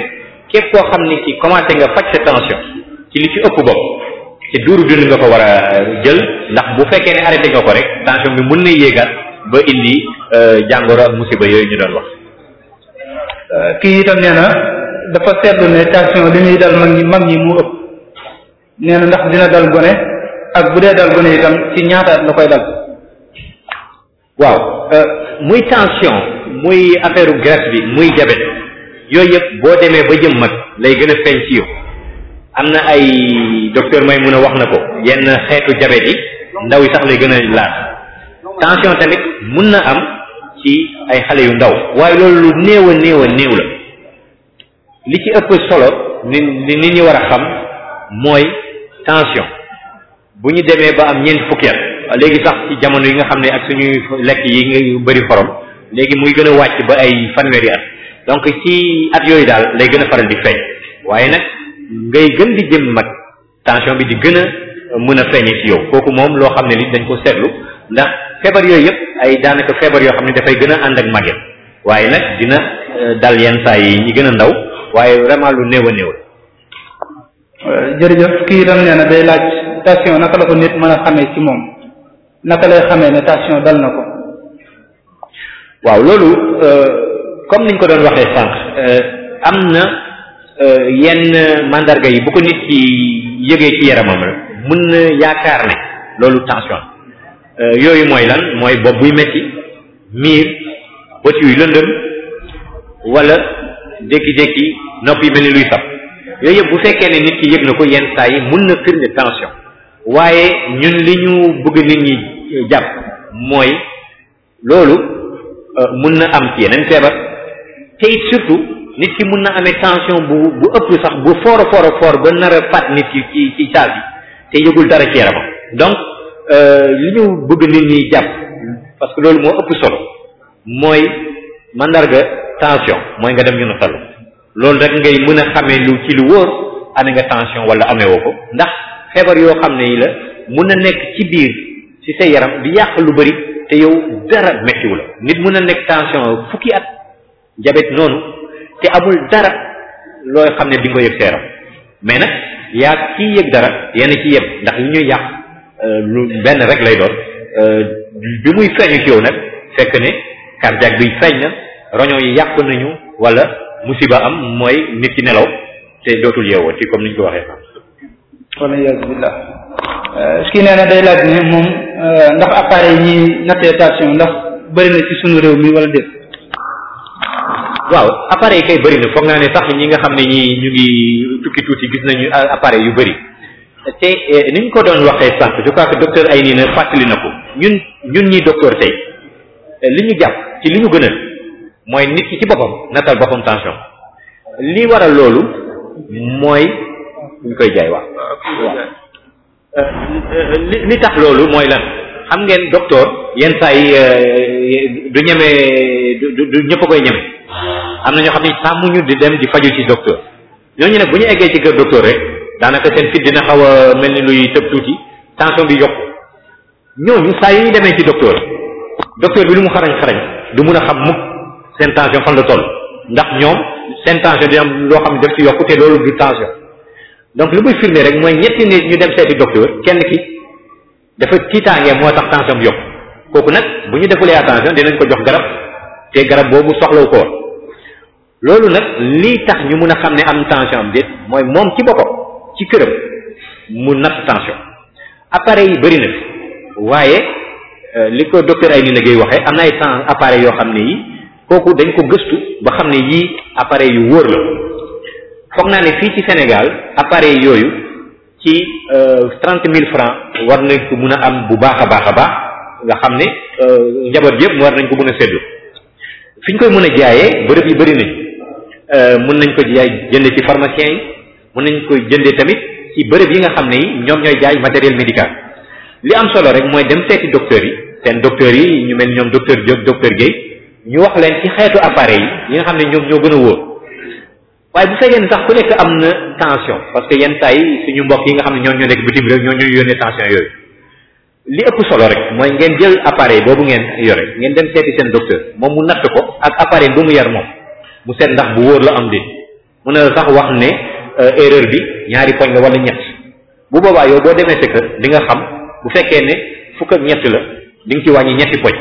Speaker 3: képp koo xam ne ci commencé nga faj sa tension ci li ci ëpp bopp ci duuru dund nga ko war a jël ndax bu fekkee ne arrêté nga ko rek tension bi mën na yéegaat ba indi euh, jàngoro ak musiba yooyu ñu doon wax. Euh, kii itam nee na dafa seetlu
Speaker 5: ne tension li ñuy dal mag ñi mag ñi mu ëpp nee na ndax dina dal gone ak
Speaker 3: bu dee dal gone itam ci ñaataat la koy da waaw euh, muy tension muy affaire u graisse bi muy diabète yooyu yëpp boo demee ba jëm mag lay gën a feeñ ci yow am na ay docteur may mun a wax na ko yenn xeetu diabète yi ndaw yi sax lay gën a laal tension tamit mun na am ci ay xale yu ndaw waaye loolu lu néew a néew la li ci ëpp solo ni li nit ñi war a xam mooy tension bu ñu demee ba am ñeent fukki at léegi sax ci jamono yi nga xam ne ak suñuy lekk yi nga bëri xorom léegi muy gën a wàcc ba ay fanweeri at donc ci at yooyu daal lay gën a faral di feeñ waaye nag ngay gën di jëm mag tension bi di gën a mën a feeñee ci yow kooku moom loo xam ne li dañ ko seetlu ndax feebar yooyu yëpp ay daanaka feebar yoo xam ne dafay gën a ànd ak màgget waaye nag dina euh, dal yenn saa yi ñi gën a ndaw waaye vraiment lu néew a néew euh, kii dam nee na day laaj tension
Speaker 5: naka lay xamee ne tension dal na ko
Speaker 3: waaw loolu euh, comme niñ ko doon waxee sànq euh, am na euh, yenn mandarga yi bu ko nit ci yëgee ci yaramam la mën na yaakaar ne loolu tension yooyu mooy lan mooy bopp buy metti miir bët yuy lëndëm wala jékki-jékki nopp yi mel ni luy sab yooyu yëpp bu fekkee ne nit ki yëg na ko yenn saa yi mën na firnde tension waaye ñun li ñu bëgg nit ñi jàpp mooy loolu euh, mun na am ci yeneen feebar te it surtout nit ki mun na amee tension bu bu ëpp sax bu foor a foor a ba nar a nit yi ci ci saal bi te yëgul dara ci yaramam donc euh, li ñu bëgg nit ñi jàpp parce que loolu moo ëpp solo mooy mandarga tension mooy nga dem ñu na tallu loolu rek ngay mën a xamee lu ci lu wóor amee nga tension wala amee woo ko ndax feebar yoo xam ne yi la mun na nekk ci biir ci sa yaram di yàq lu bari te yow dara méttiwu la nit mën a nekk tension fukki at jabet noonu te amul dara looy xam ne di nga ko yëg sa yaram mais na yaa kii yëg dara yenn ci yëpp ndax li ñuy yàq euh, lu benn rek lay doon euh, bi muy feeñu ci yow nag fekk ne cardiaque bi feeñ na roño yi yàq nañu wala musiba am mooy nit ki nelaw te dootul yeewoo ci comme ni ko waxee. wala
Speaker 5: yàlla billah. kii nee na day laaj ni moom. Euh, ndax appareil yi ñuy nattee tension ndax bëri na ci sunu réew
Speaker 3: mi wala déet. waaw appareil kay bëri na foog naa ne sax ñi nga xam ne ñi ñu ngi tukki tuuti gis nañu appareil yu bëri te eh, ni ñu ko doon waxee sànq je crois que ay nii na fàttali na ko ñun ñun ñi docteur tey eh, li ñu jàpp ci li ñu gën mooy nit ki ci boppam nattal boppam tension li waral loolu mooy ñu koy jaay waaw.
Speaker 2: Ah, li
Speaker 3: li tax loolu mooy lan xam ngeen docteur yenn saa yi euh, du ñeme du du ñëpp koy ñeme ah. am na ñoo xam ne sàmmuñu di dem di faju ci docteur ñooñu nag bu ñu eggee ci kër docteur rek daanaka seen fit dina xaw a mel ni luy tëb tuuti tension bi yokku ñoom saa yi ñu demee ci docteur docteur bi lu mu xarañ xarañ du mun a xam mukk seen tension fan la toll ndax ñoom seen tension dina am loo xam ne ci yokku te loolu du tension. donc li muy firnde rek mooy ñetti nit ñu dem seeti docteur kenn ki dafa tiitaangee moo tax tension bi yokk kooku nag bu ñu defulee attention dinañ ko jox garab te garab boobu soxlaw ko loolu nag lii tax ñu mun a xam ne am tension am déet mooy moom ci boppam ci këram mu natt tension appareil yi bëri na waaye euh, li ko docteur ay ni na ngay waxee am na ay temps appareil yoo xam ne yi kooku dañ ko gëstu ba xam ne yii appareil yu wóor la foog naa ne fii ci Sénégal appareil yooyu ci euh, trente mille francs war nañ ko mën a am bu baax a baax a baax nga xam ne euh, njaboot yëpp war nañ ko mën a seddu fi ñu koy mën a jaayee bërëb yi bëri nañ euh, mën nañ ko jaay jënd ci pharmacien yi mën nañ koy jëndee tamit ci bërëb yi nga xam ne ñoom ñooy jaay matériel médical li am solo rek mooy dem seeti docteurs yi seen docteurs yi ñu mel ñoom docteur Diop docteur Guèye ñu wax leen ci xeetu appareil yi nga xam ne ñoom ñoo gën a wóor waaye bu fekkee ne sax ku nekk am na tension parce que yenn saa suñu mbokk yi nga xam ne ñoo ñoo nekk bitim réew ñoo ñoo yónnee tension yooyu li ëpp solo rek mooy ngeen jël appareil boobu ngeen yore ngeen dem seeti seen docteur moom mu natt ko ak appareil bu mu yar moom mu seet ndax bu wóor la am di mu ne la sax wax ne euh, erreur bi ñaari poñ la wala ñett bu boobaa yow boo demee sa kër di nga xam bu fekkee ne fukk ak ñett la di nga ci wàññi ñetti poñ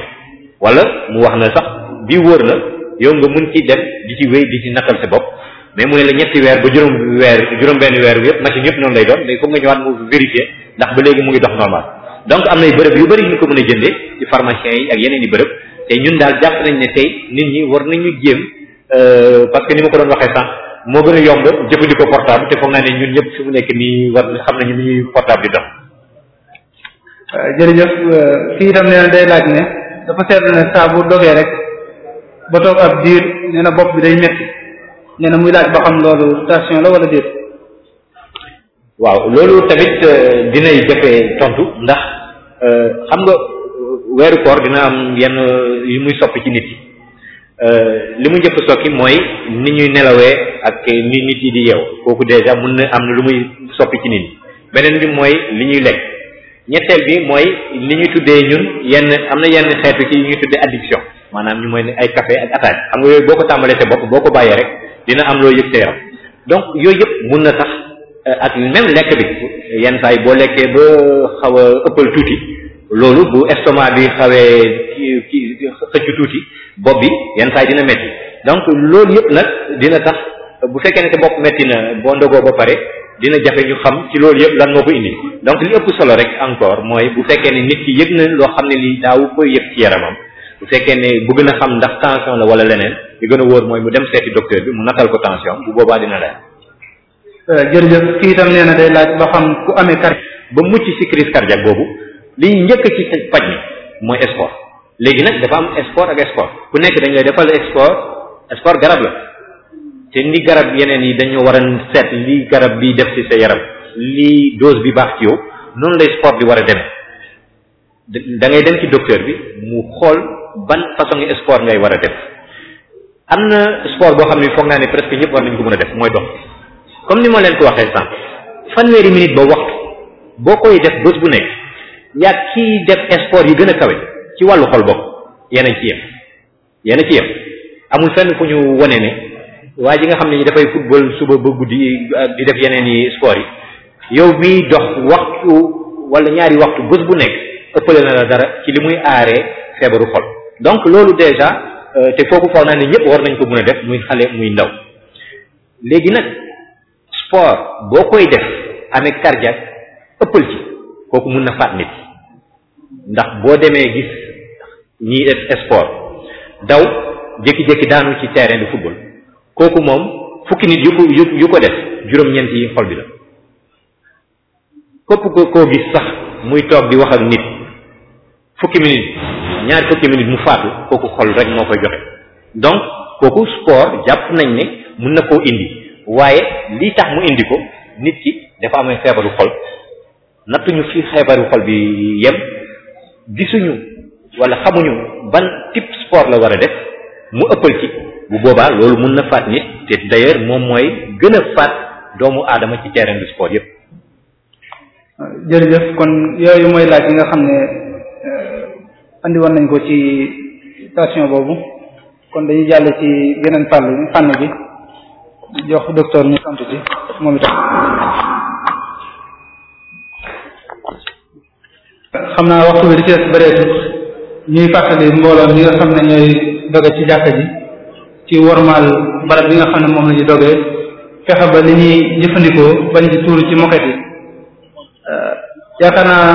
Speaker 3: wala mu wax na sax bi wóor la yow nga mun ci dem di ci wéy di ci nattal sa bopp mais mu ne la ñetti weer ba juróom weer juróom benn weer bi yëpp machine yëpp noonu lay doon mais foog nga ñëwaat mu vérifier ndax ba léegi mu ngi dox normal donc am nay bërëb yu bëri ñu ko mën a jëndee ci pharmaciens yi ak yeneen i bërëb te ñun daal jàpp nañ ne tey nit ñi war nañu jéem euh, parce que ni ma ko doon waxee sànq moo gën a yomb jëfandikoo portable te foog naa ne ñun ñëpp fi mu nekk nii war xam nañu ni ñuy portable di dox.
Speaker 5: Euh, jërëjëf euh, kii itam nee na day laaj ne dafa ne saa bu rek ba toog ab diir nee na bopp bi day metti nee na muy laaj ba xam loolu station
Speaker 3: la wala déet. waaw loolu tamit euh, dinay jëfee tontu ndax euh, xam nga weeru koor dina am yenn euh, yu muy soppi ci nit yi li mu njëkk sokki mooy ni ñuy nelawee ak ni nit yi di yeew kooku déjà mën na am na lu muy soppi ci nit yi beneen bi mooy li ñuy lekk ñetteel bi mooy li ñuy tuddee ñun yenn am na yenn xeetu ci yu ñuy tuddee addiction maanaam ñu mooy ay kafe ak attaque xam nga yooyu boo ko tàmbalee sa bopp boo ko bàyyee rek dina am loo yëg sa yaram donc yooyu yëpp mun na tax euh, ak même lekk bi yenn yi boo lekkee ba xaw a ëppal tuuti loolu bu estomac bi xawee ki tuuti bopp bi yenn saa yi dina metti donc loolu yëpp nag dina tax bu fekkee ne te bopp metti na boo ndogoo ba pare dina jafe ñu xam ci loolu yëpp lan moo ko indi donc li ëpp solo rek encore mooy bu fekkee ni nit ki yëg na loo xam ne lii daawu ko yëg ci yaramam bu fekkee ne gën a xam ndax tension la wala leneen li gën a wóor mooy mu dem seeti docteur bi mu nattal ko tension bu boobaa dina leer. Euh, jërëjëf kii itam nee na day laaj ba xam ku amee car. ba mucc ci crise cardiaque boobu li njëkk ci paj mi mooy sport léegi nag dafa am sport ak sport ku nekk dañ lay defal sport sport garab la te ni garab yeneen yi dañoo war a seet lii garab bi def ci sa yaram lii dose bi baax ci yow noonu lay sport di war a demee da ngay dem ci docteur bi mu xool. ban façon ngi sport ngay war a def am na sport boo xam ne foog naa ne presque ñëpp war nañ ko mën a def mooy dox comme ni ma leen ko waxee sànq fanweeri minute ba waxtu boo koy def bés bu nekk yaa kii def sport yi gën a kawe ci wàllu xol bopp yéen a ci yem yenn a ci yem amul fenn fu ñu wone ne waaye ji nga xam ne dafay football suba ba guddi ah, di def yeneen yi sport yi yow miy dox waxtu wala ñaari waxtu bés bu nekk ëppale na la dara ci li muy aaree feebaru xol. donc loolu déjà euh, te foofu foog naa ni ñëpp war nañ ko mën a def muy xale muy ndaw léegi nag sport boo koy def amee cardiaque ëppal ci kooku mun na faat nit ndax boo demee gis ñiy def sport daw jékki-jékki daanu ci terrain de football kooku moom fukki nit yu ko yu ko def juróom-ñeent yi xol bi la képp ko koo gis sax muy toog di wax ak nit fukki minutes ñaari fukki minutes mu faatu kooku xol rek moo koy joxe donc kooku sport jàpp nañ ne mun na koo indi waaye lii tax mu indi ko nit ki dafa amee feebaru xol nattuñu fi feebaru xol bi yem gisuñu wala xamuñu ban type sport la war a def mu ëppal ci bu boobaa loolu mun na faat nit te d'ailleurs moom mooy gën a faat doomu aadama ci terrain du sport yépp
Speaker 5: jërëjëf kon yooyu mooy laaj yi nga xam ne andi woon nañ ko ci station boobu kon dañuy jàll ci geneen yeneen fànn fànn bi jox docteur ñu sant ci moom itam xam naa waxtu bi di ci des bëreetu ñuy fàttali mbooloo ñi nga xam ne ñooy doge ci jàkka ji ci wormaal barab bi nga xam ne moom la ñu dogee fexe ba li ñuy jëfandikoo bañ ci tuur ci moket yi yaakaar naa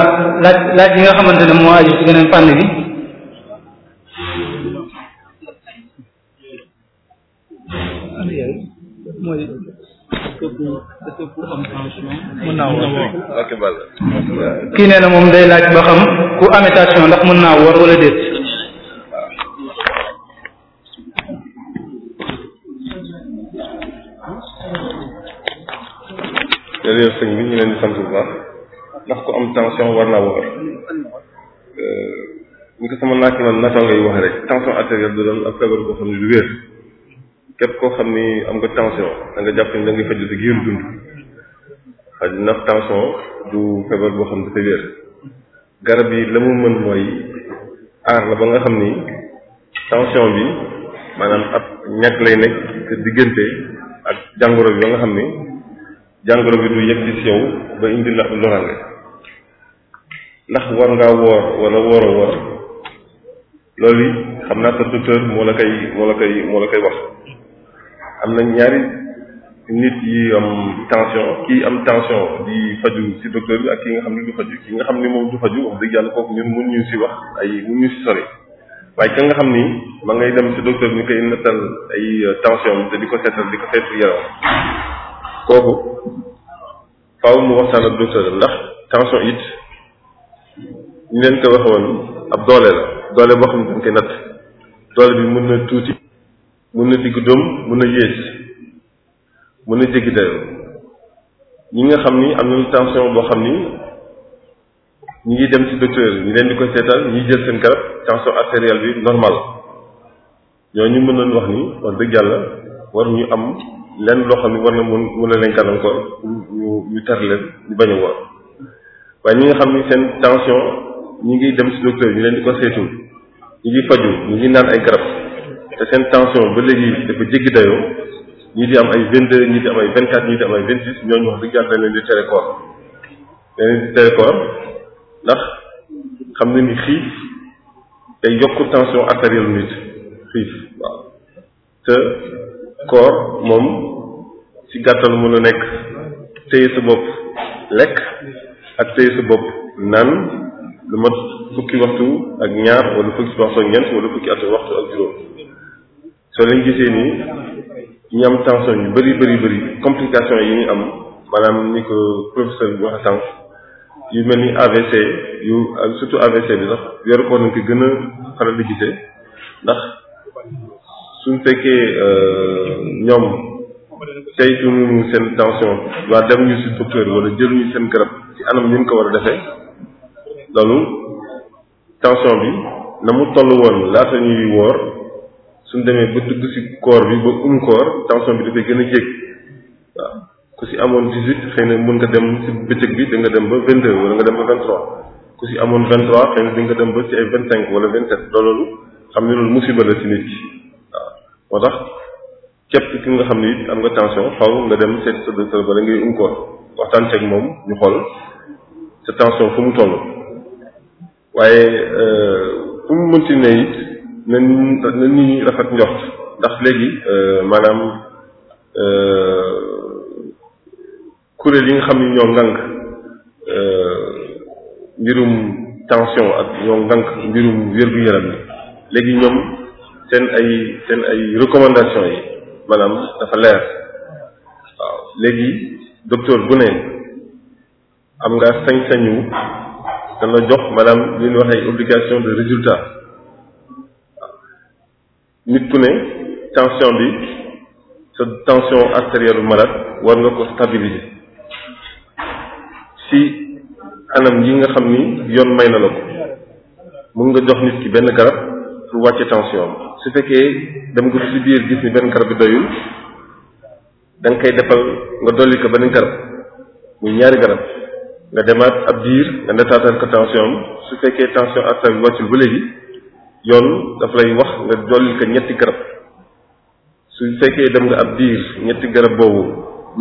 Speaker 5: laaj laaj yi nga xamante ne moo aju ci beneen fànn bi
Speaker 1: kii nee na moom day laaj ba xam ku amétation
Speaker 2: ndax mën naa war wala déet
Speaker 1: jërëjëf sëñ bi ñu leen di sant bu baax ndax ku am tension war na woor euh, ni ko sama naaki man natonga yu wax rek tension artérielle du doon ak feebar boo xam ne du wér képp koo xam ni am nga tension da nga jàpp ni da ngay faju sa giiru dund xaj ndax tension du feebar boo xam ne dafa wér garab yi la mu mën mooy aar la ba nga xam ni tension bi maanaam ab ñàkk lay nekk te diggante ak jàngoro bi ba nga xam ni jàngoro bi du yegg ci yow ba indi la ndax war ngaa woor wala woor a woor loolu yi xam naa sa docteur moo la koy moo la koy wax am na ñaari nit yi am tension kii am tension di faju ci docteur bi ak ki nga xam ne du faju ki nga xam ni moom du faju wax dëgg yàlla kooku ñun mun ñu wax ay mun ñu si sori waaye ka nga xam ni ma ngay dem ci docteur ni ñu koy nettal ay tension te di ko seetal di ko seetu yaram kooku faaw mu waxtaan ak docteur ndax tension it ñu leen ko waxee woon ab doole la doole boo xam ne dañ koy natt doole bi mën na tuuti mën na diggu doom mën na yées mën na jéggi dayoo ñi nga xam ni am nañu tension boo xam ni ñi ngi dem ci yi ñu leen di ko seetal ñi jël seen garab tension artérielle bi normal ñooñu mën nañu wax ni wax dëgg yàlla war ñu am lenn loo xam ni war na mun mën na leen gàllankoor ñu ñu tar leen ñu bañ a waaye ñi nga xam ni seen tension ñu ngi dem si docteur ñu leen di ko saytul ñu ngi faju ñu ngi naan ay garab te seen tension ba léegi dafa jéggi dayoo ñii di am ay vingt deux ñii di am ay vingt quatre ñii di am ay vingt six ñooñu wax dëgg di tere koor leen di tere koor ndax xam nga ni xiif day yokk tension artérielle nit xiif te koor moom ci gàttal mun a nekk téye sa bopp lekk ak téye sa bopp naan lu mat fukki waxtu ak ñaar wala fukki waxtu ak ñeent wala fukki at waxtu ak juróom soo leen gisee nii ñi am tension yu bëri bëri bëri complication yi ñu am maanaam ni ko professeur bi yu mel ni AVC yu surtout AVC bi sax weeru koor ko gën a xaral di gisee ndax suñ fekkee euh, ñoom seen tension waa dem ñu si docteur wala jëluñu seen garab ci anam ñu ko war a defee loolu tension bi na mu toll woon laa laata ñuy woor suñ demee ba dugg ci koor bi ba um koor tension bi dafay gën a jéeg waaw ku ci amoon dix huit xëy na mën nga dem ci bëccëg bi da dem ba vingt deux wala nga dem ba vingt trois ku ci amoon vingt trois xëy na nga dem ba ci ay vingt cinq wala vingt sept loolu xam ne loolu musiba la ci nit ki waaw moo tax képp ki nga xam ne am nga tension xaw nga dem seet sa docteur bala ngay um koor waxtaan ceeg moom ñu xool sa tension mu toll. waaye euh, fu mu mënti ne it na na ñuy rafet njort ndax léegi euh, maanaam euh, kuréel yi nga xam ni ñoo ngànk mbirum tension ak ñoo ngànk mbirum wér-gu-yaram bi léegi ñoom seen ay seen ay recommandation yi maanaam dafa leer waaw léegi docteur bu ne am nga sañ-sañu dana jox maanaam li ñuy wax ay obligation de résultat nit ku ne tension bi sa tension artérielle malade war nga ko stabiliser si anam yi nga xam ni yoon may na la ko mën nga jox nit ki benn garab pour wàcce tension am su fekkee dem nga ci biir gis ni benn garab bi doyul da nga koy defal nga dolli ko benn garab muy ñaari garab nga demaat ab diir nga nettaatal ko tension su fekkee tension artère bi wàccul ba léegi yoon dafa lay wax nga jollil ko ñetti garab su fekkee dem nga ab diir ñetti garab boobu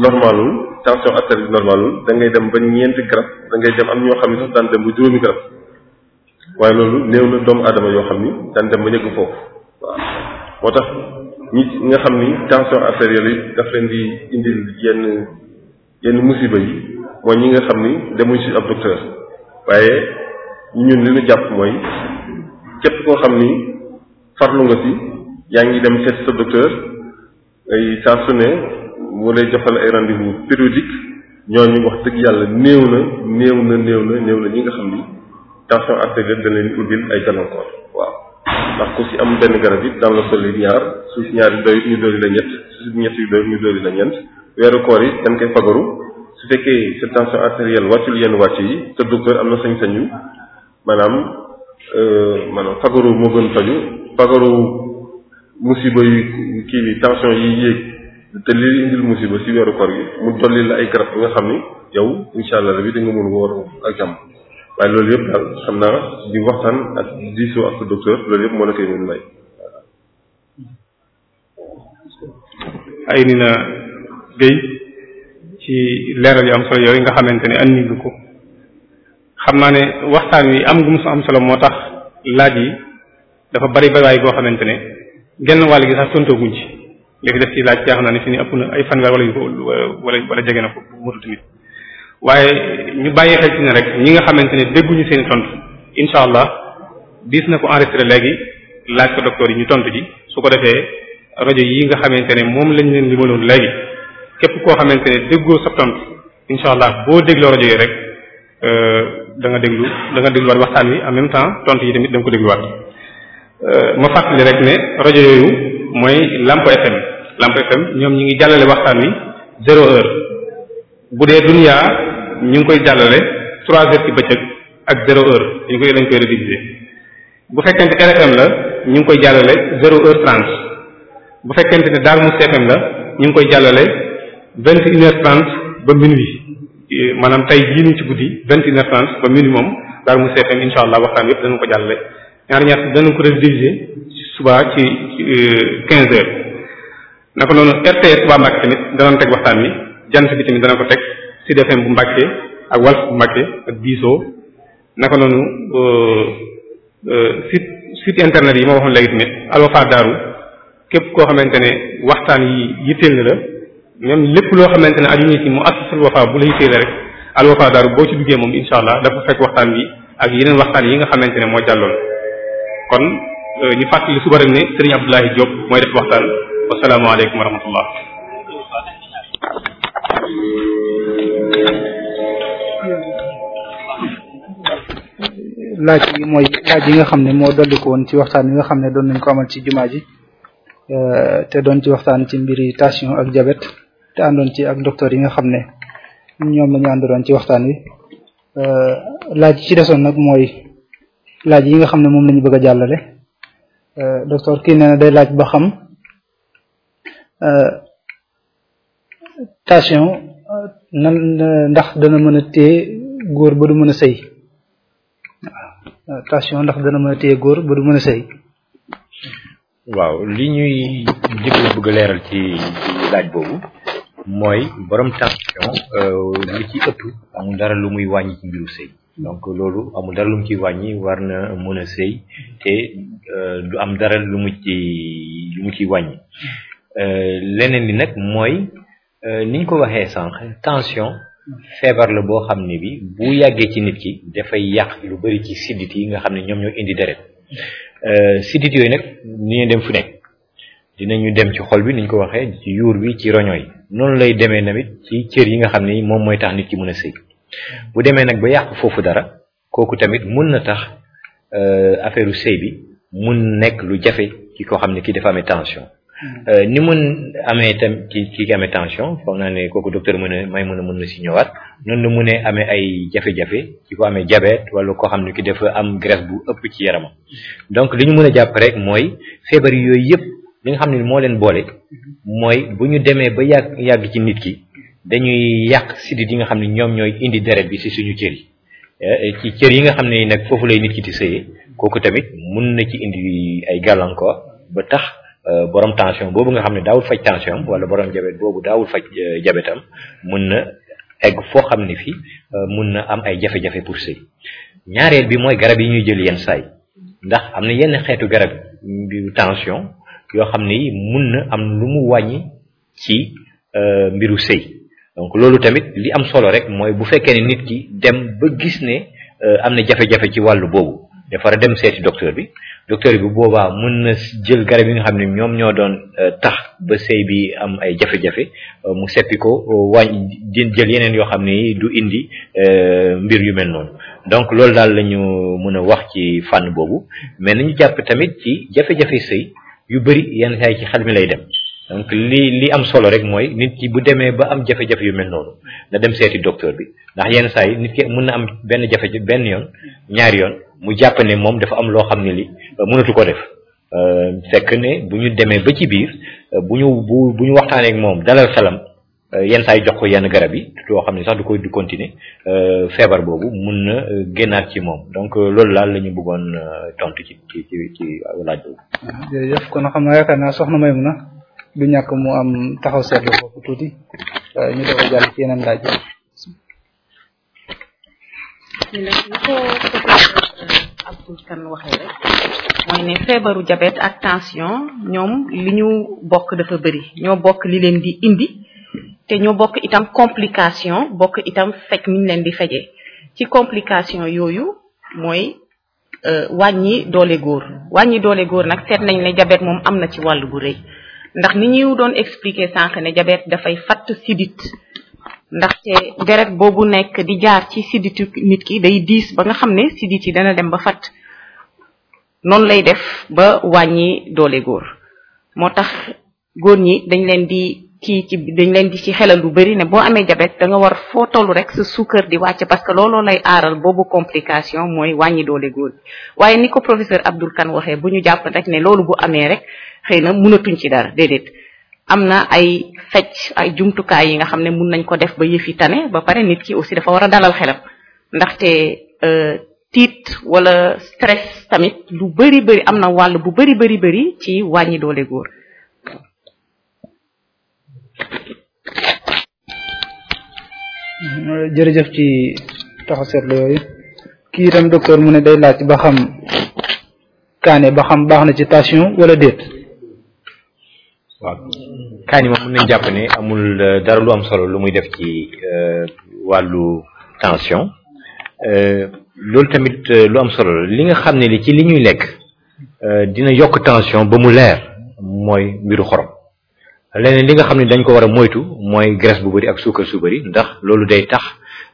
Speaker 1: normalul tension artère bi normalul da ngay dem ba ñeenti garab da ngay dem am ñoo xam ne sax daan dem ba juróomi garab waaye loolu néew na doomu aadama yoo xam ni daan dem ba yëgg foofu waaw moo tax ñi nga xam ni tension artérielle yi daf leen di indi yenn yenn musiba yi mooy ñi nga xam ni demuñ si ab docteur waaye ñun li ñu jàpp mooy képp koo xam ni farlu nga si yaa ngi dem seet sa docteur ay saa su ne mu lay joxal ay rendez-vous périodique ñooñu wax dëgg yàlla néew na néew na néew na néew na ñi nga xam ni tension artérielle da leen ubbil ay gàllankoor waaw ndax ku si am benn garab it daan la solli su si ñaar yi doy ñu dooli la ñett su ñett yi doy ñu dooli la ñeent weeru koor yi dañ koy fagaru su fekkee tension artérielle wàccul yenn wàcc yi te docteur am na sañ-sañu maanaam euh, maanaam fagaru moo gën faju fagaru musiba yu kii bi tension yi yéeg te li indil musiba si weeru koor gi mu dolli la ay garab yi nga xam ni yow incha allah rabi da nga mën woor ak jàmm waaye loolu yëpp daal xam naa di waxtaan ak diisoo ak sa loolu yëpp moo la koy mën may ay ni na Guèye ci leeral yu am solo yooyu nga xamante ne andi nga ko xam naa ne waxtaan wi am gum su am solo moo tax laaj yi dafa bari bariwaay goo xamante ne genn wàll gi sax tontooguñ ci li fi def ci laaj jaaxal na ne fi ni ëpp na ay fanweer wala yu ko wala wala jege na ko motu tamit waaye ñu bàyyi xel ci ne rek ñi nga xamante ne dégguñu seen i tontu incha allah diis na ko enregistré léegi laaj ko docteur yi ñu tontu ji su ko defee rajo yi nga xamante ne moom lañ leen limaloon léegi. képp koo xamante ne déggoo sa tontu incha allah boo dégloo rajo yi rek euh, da nga déglu danga nga dégluwaat waxtaan wi en même temps tontu yi tamit da nga ko dégluwaat euh, ma fàttali rek ne rajo yooyu mooy Lamp FM Lamp FM ñoom ñu ngi jàllale waxtaan wi zéro bu dee dunya ñu ngi koy jàllale trois heures ci bëccëg ak zéro heure dañ koy dañ koy rediffusé bu fekkente RFM la ñu ngi koy jàllale zéro heure trente bu fekkente ne Darou Moukhty FM la ñu ngi koy jàllale. vingt et une ba minuit eh, maanaam tey jii nii ci guddi vingt et une heure trente ba minuit moom daal mu seetam insha allah waxtaan yëpp danañ ko jàllale ñaar ñaar danañ ko rediffuser suba ci euh, quinze heures naka noonu rt Touba Mbacke tamit danañ teg waxtaan wi jant bi tamit dana ko teg Sud FM bu Mbacke ak Walf bu Mbacke ak Diso naka noonu euh, euh, site site internet yi ma waxoon léegi tamit Alwafa Daaru képp koo xamante ne waxtaan yi yitteel na la ñoom lépp loo xamante ne aju nit ci mu assasul wafa bu lay téele rek al wafa daaru boo ci duggee moom insha allah dafa fekk waxtaan bi ak yeneen waxtaan yi nga xamante ne moo jàlloon kon euh, ñu fàttali suba mooy def waxtaan wasalaamu aleykum wa mooy
Speaker 5: laaj yi nga xam ne moo dolli woon ci waxtaan yi nga xam ne doon nañ ko amal ci jumaa ji euh, te doon ci waxtaan ci mbiri tension ak diabète te àndoon ci ak docteur yi nga xam ne ñoom la ñu àndoon ci waxtaan wi euh, laaj ci desoon nag mooy laaj yi nga xam ne moom la ñu bëgg a jàllale euh, docteur kii nee na day laaj ba xam euh, tension nan ndax dana mën a téye góor ba du mën a sëy waaw tension ndax dana mën a téye góor ba mën a sëy
Speaker 3: waaw li ñuy njëkk bëgg a leeral ci laaj boobu mooy borom tension euh, li ci ëpp amul dara lu muy wàññi ci mbiru sëy donc loolu amul dara lu mu ci wàññi war na mën a sëy te euh, du am dara lu mu ci lu mu ci wàññi euh, leneen li nag mooy niñ ko waxee sànq tension feebar la boo xam ne bi bu yàggee ci nit ki dafay yàq lu bari ci siddit yi nga xam ne ñoom ñoo indi deret siddit yooyu nag ni ñu dem fu nekk dinañu dem ci xol bi niñ ko waxee ci yuur bi ci roño yi noonu lay demee tamit ci cër yi nga xam ni moom mooy tax nit ki mën a sëy bu demee nag ba yàq foofu dara kooku tamit mun na tax euh, affaire u sëy bi mun nekk lu jafe ci koo xam ne kii def amee tension hmm. euh, ni mun amee tam ci ki amee tension naa ne kooku docteur mën a may mën a mën na si ñëwaat noonu la mun amee ay jafe-jafe ci ko amee diabète wala koo xam ne ki def am graisse bu ëpp ci yaramam hmm. donc li ñu mën a jàpp rek mooy feebar yooyu yëpp li nga xam ne moo leen boole mooy bu ñu demee ba yàgg yàgg ci nit ki dañuy yàq sidit yi nga xam ne ñoom ñooy indi deret bi ci suñu cër yi eh, ci cër yi nga xam ne nag foofu lay nit ki di sëyee kooku tamit mun na ci indi ay gàllankoor ba tax eh, borom tension boobu nga xam ne daawul faj tension wala borom jabet boobu daawul faj eh, jabetam mun na egg foo xam ne fii mun na am ay jafe-jafe pour sëy ñaareel bi mooy garab yi ñuy jël yenn saay ndax am na yenn xeetu garab bi tension yoo xam ni mun na am lu mu wàññi ci euh, mbiru sëy donc loolu tamit li am solo rek mooy bu fekkee ne nit ki dem ba gis ne euh, am na jafe-jafe ci wàllu boobu dafa dem seeti docteur bi docteur bi boobaa mën na jël garab yi nga xam ne ñoom ñoo doon euh, tax ba sëy bi am ay jafe-jafe mu seppi ko wàññ wàññi jël yeneen yoo xam ne du indi mbir yu mel noonu donc loolu daal la ñu mën a wax ci fànn boobu mais nañu jàpp tamit ci jafe-jafe sëy yu bëri yenn saay ci xel mi lay dem donc li li am solo rek mooy nit ki bu demee ba am jafe-jafe yu mel noonu na dem seeti docteur bi ndax yenn saa yi nit ki mën na am benn jafe benn yoon ñaari yoon mu jàpp ne moom dafa am loo xam ne li euh, mënatu ko def euh, fekk ne bu ñu demee ba ci biir euh, bu ñu bu bu ñu waxtaanee ak moom dalal xelam Euh, yenn saa jox ko yenn garab yi yoo xam ne sax du koy du continuer euh, feebar boobu mun na euh, génnaat ci moom donc loolu laal la buggoon bëggoon tontu ci ci ci ci laaj boobu.
Speaker 5: jërëjëf kon xam naa yaakaar naa soxna Maymuna du ñàkk mu am taxaw seetlu foofu ko ñu doog a jàll
Speaker 6: mooy ne feebaru diabète ak tension ñoom li ñu bokk dafa bëri ñoo bokk li leen di indi. te ñoo bokk itam complication bokk itam faj ni leen di fejee ci complication yooyu mooy euh, wàññi doole góor wàññi doole góor nag seet nañ ne jabeet moom am na ci wàll bu rëy ndax ni ñu doon expliquer sànq ne jabeet dafay fatt sidit ndaxte deret boobu nekk di jaar ci siditu nit ki day diis ba nga xam ne sidit yi dana dem ba fatt noonu lay def ba wàññi doole góor moo tax góor ñi dañ leen di kii ci dañ leen di ci xelal lu bëri ne boo amee diabète da nga war foo toll rek sa suukar di wàcc parce que looloo lay aaral boobu complication mooy wàññi doole góor waaye ni ko professeur Abdoul Kane waxee bu ñu jàpp rek ne loolu bu amee rek xëy na mënatuñ ci dara déedéet am na ay fecc ay jumtukaay yi nga xam ne mun nañ ko def ba yëf yi tane ba pare nit ki aussi dafa war a dalal xelam ndaxte euh, tiit wala stress tamit lu bëri bëri am na wàll bu bëri bëri bëri ci wàññi doole góor
Speaker 5: jërëjëf ci taxaw seetlu kii itam docteur mu ne day laaj ba xam kaane ba xam baax na ci tension wala déet.
Speaker 3: waaw kaani moom mën nañ jàpp ne amul euh, dara lu am solo lu muy def ci euh, wàllu tension euh, loolu tamit lu am solo li nga xam ne li ci li ñuy lekk dina yokk tension ba mu leer mooy mbiru xorom. leneen li nga xam ne dañ ko war a moytu mooy graisse bu bari ak suukar su bëri ndax loolu day tax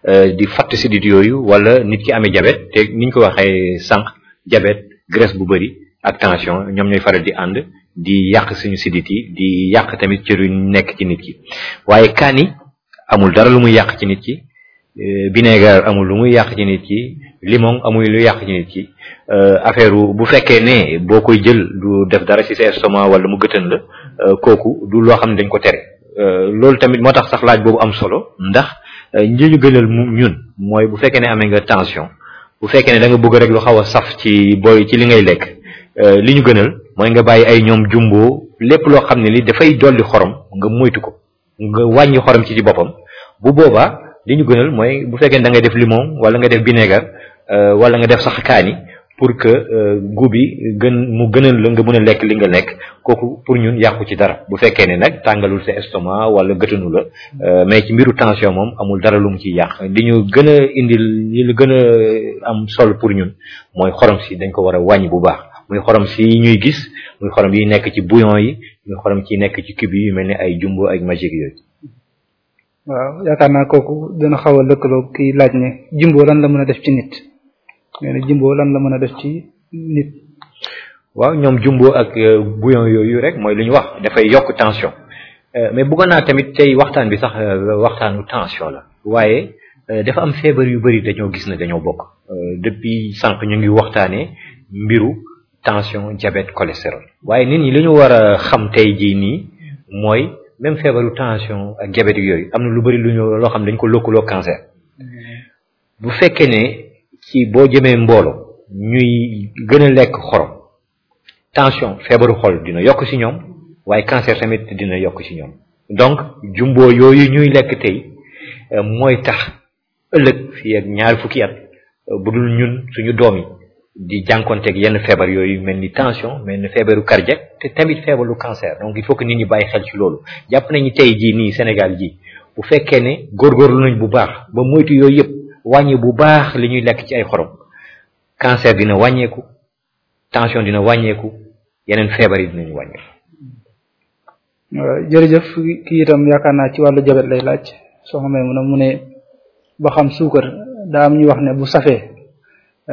Speaker 3: euh, di fatt sidit yooyu wala nit ki amee diabète te niñ ko waxee sànq jabet graisse bu bëri ak tension ñoom ñooy faral di ànd di yàq suñu sidit yi di yàq tamit cër yu nekk ci nit ki waaye kaani amul dara lu muy yàq ci nit ki euh, vinaigre amul lu muy yàq ci nit ki limon amul lu yàq ci nit ki euh, affaire bu fekkee ne boo koy jël du def dara ci sa estomac wala mu gëtën la Euh, kooku du loo xam ne dañ ko tere euh, loolu tamit moo tax sax laaj boobu am solo ndax euh, ñi gënal gënal ñun mooy bu fekkee ne amee nga tension bu fekkee ne da nga bëgg rek lu xaw a saf ci booy ci li ngay lekk li ñu gënal mooy nga bàyyi ay ñoom jumbo lépp loo xam ne li dafay dolli xorom nga moytu ko nga wàññi xorom ci ci boppam bu boobaa li ñu gënal mooy bu fekkee ne da ngay def limon wala nga def vinaigre wala nga def sax kaani pour que euh, gu bi gën mu gënal la nga mën a lekk li nga nekk kooku pour ñun yàqu ci dara bu fekkee ne nag tàngalul sa estomac wala gëtanu la euh, mais ci mbiru tension moom amul dara lu mu ciy yàq di ñu gën a indil li lu gën a am solo pour ñun mooy xorom si dañ ko war a wàññi bu baax muy xorom si ñuy gis muy xorom yi nekk ci bouillon yi muy xorom ci nekk ci cube yi mel ni ay jumbo ak magique yooyu
Speaker 5: waaw yaakaar naa kooku dina xaw a lëkkaloo kiy laaj ne jumbo lan la mën a def ci nee na jumbo lan la mën a def ci nit.
Speaker 3: waaw ñoom jumbo ak euh, bouillon yooyu rek mooy lu ñu wax dafay yokk tension euh, mais bëggoon naa tamit tey waxtaan bi sax euh, waxtaanu tension la waaye dafa am feebar yu bari dañoo gis ne dañoo bokk. depuis sànq ñu ngi waxtaanee mbiru tension diabète cholestérol. waaye nit ñi li ñu war a xam tey jii nii mooy même feebaru tension ak diabète yooyu am na lu bari lu ñu loo xam dañ ko lëkkaloo cancer mm-hmm. bu fekkee ne. ci boo jëmee mbooloo ñuy gën a lekk xorom tension feebaru xol dina yokk ci ñoom waaye cancer tamit dina yokk ci ñoom donc jumbo yooyu ñuy lekk tey euh, mooy tax ëllëg fii ak ñaar fukki at euh, bu dul ñun suñu doom yi di jànkonteeg yenn feebar yooyu mel ni tension mel ni feebaru cardiaque te tamit feebaru cancer donc il faut que nit ñi bàyyi xel ci loolu jàpp nañu tey ji nii Sénégal jii bu fekkee ne góorgóorlu nañ bu baax ba moytu yooyu yëpp wàññi bu baax li ñuy lekk ci ay xorom cancer dina wàññeeku tension dina wàññeeku yeneen feebar yi dinañu wàññeeku.
Speaker 5: Euh, jërëjëf kii itam yaakaar naa ci wàllu jabet lay laaj soo xamee mu ne mu ne ba xam suukar daa am ñu wax ne bu safee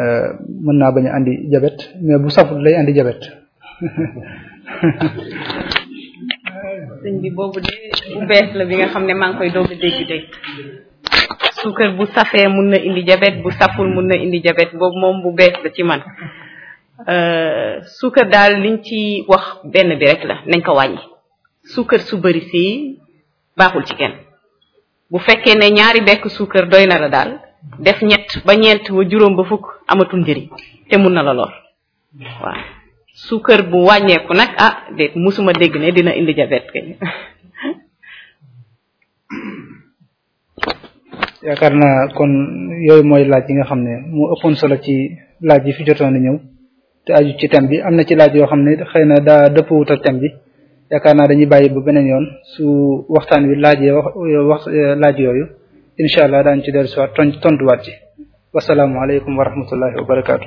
Speaker 5: euh, mën naa bañ a andi jabet mais bu safut lay andi jabet. (laughs)
Speaker 6: la bi nga suukar bu safee mun na indi jabet bu saful mun na indi jabet boobu moom bu bees la ci man euh, suukar daal liñ ci wax benn bi rek la nañ ko wàññi suukar su bari si baaxul ci kenn bu fekkee ne ñaari bekk suukar doy na la daal def ñett ba ñeent ba juróom ba fukk amatul njëriñ te mun na la lool waaw suukar bu wàññeeku nag ah musuma dégg ne dina indi jabet kay (laughs)
Speaker 5: yaakaar naa kon yooyu mooy laaj yi nga xam ne mu ëppoon solo ci laaj yi fi joto a ñëw te aju ci thème bi am na ci laaj yoo xam ne xëy na daa dëppwut ak thème bi yaakaar naa dañuy bàyyi ba beneen yoon su waxtaan wi laajee wax laaj yooyu incha allah daañu ci dellusiwaat ton tontuwaat ci wasalaamualeykum wa rahmatullahi wa barakaatu.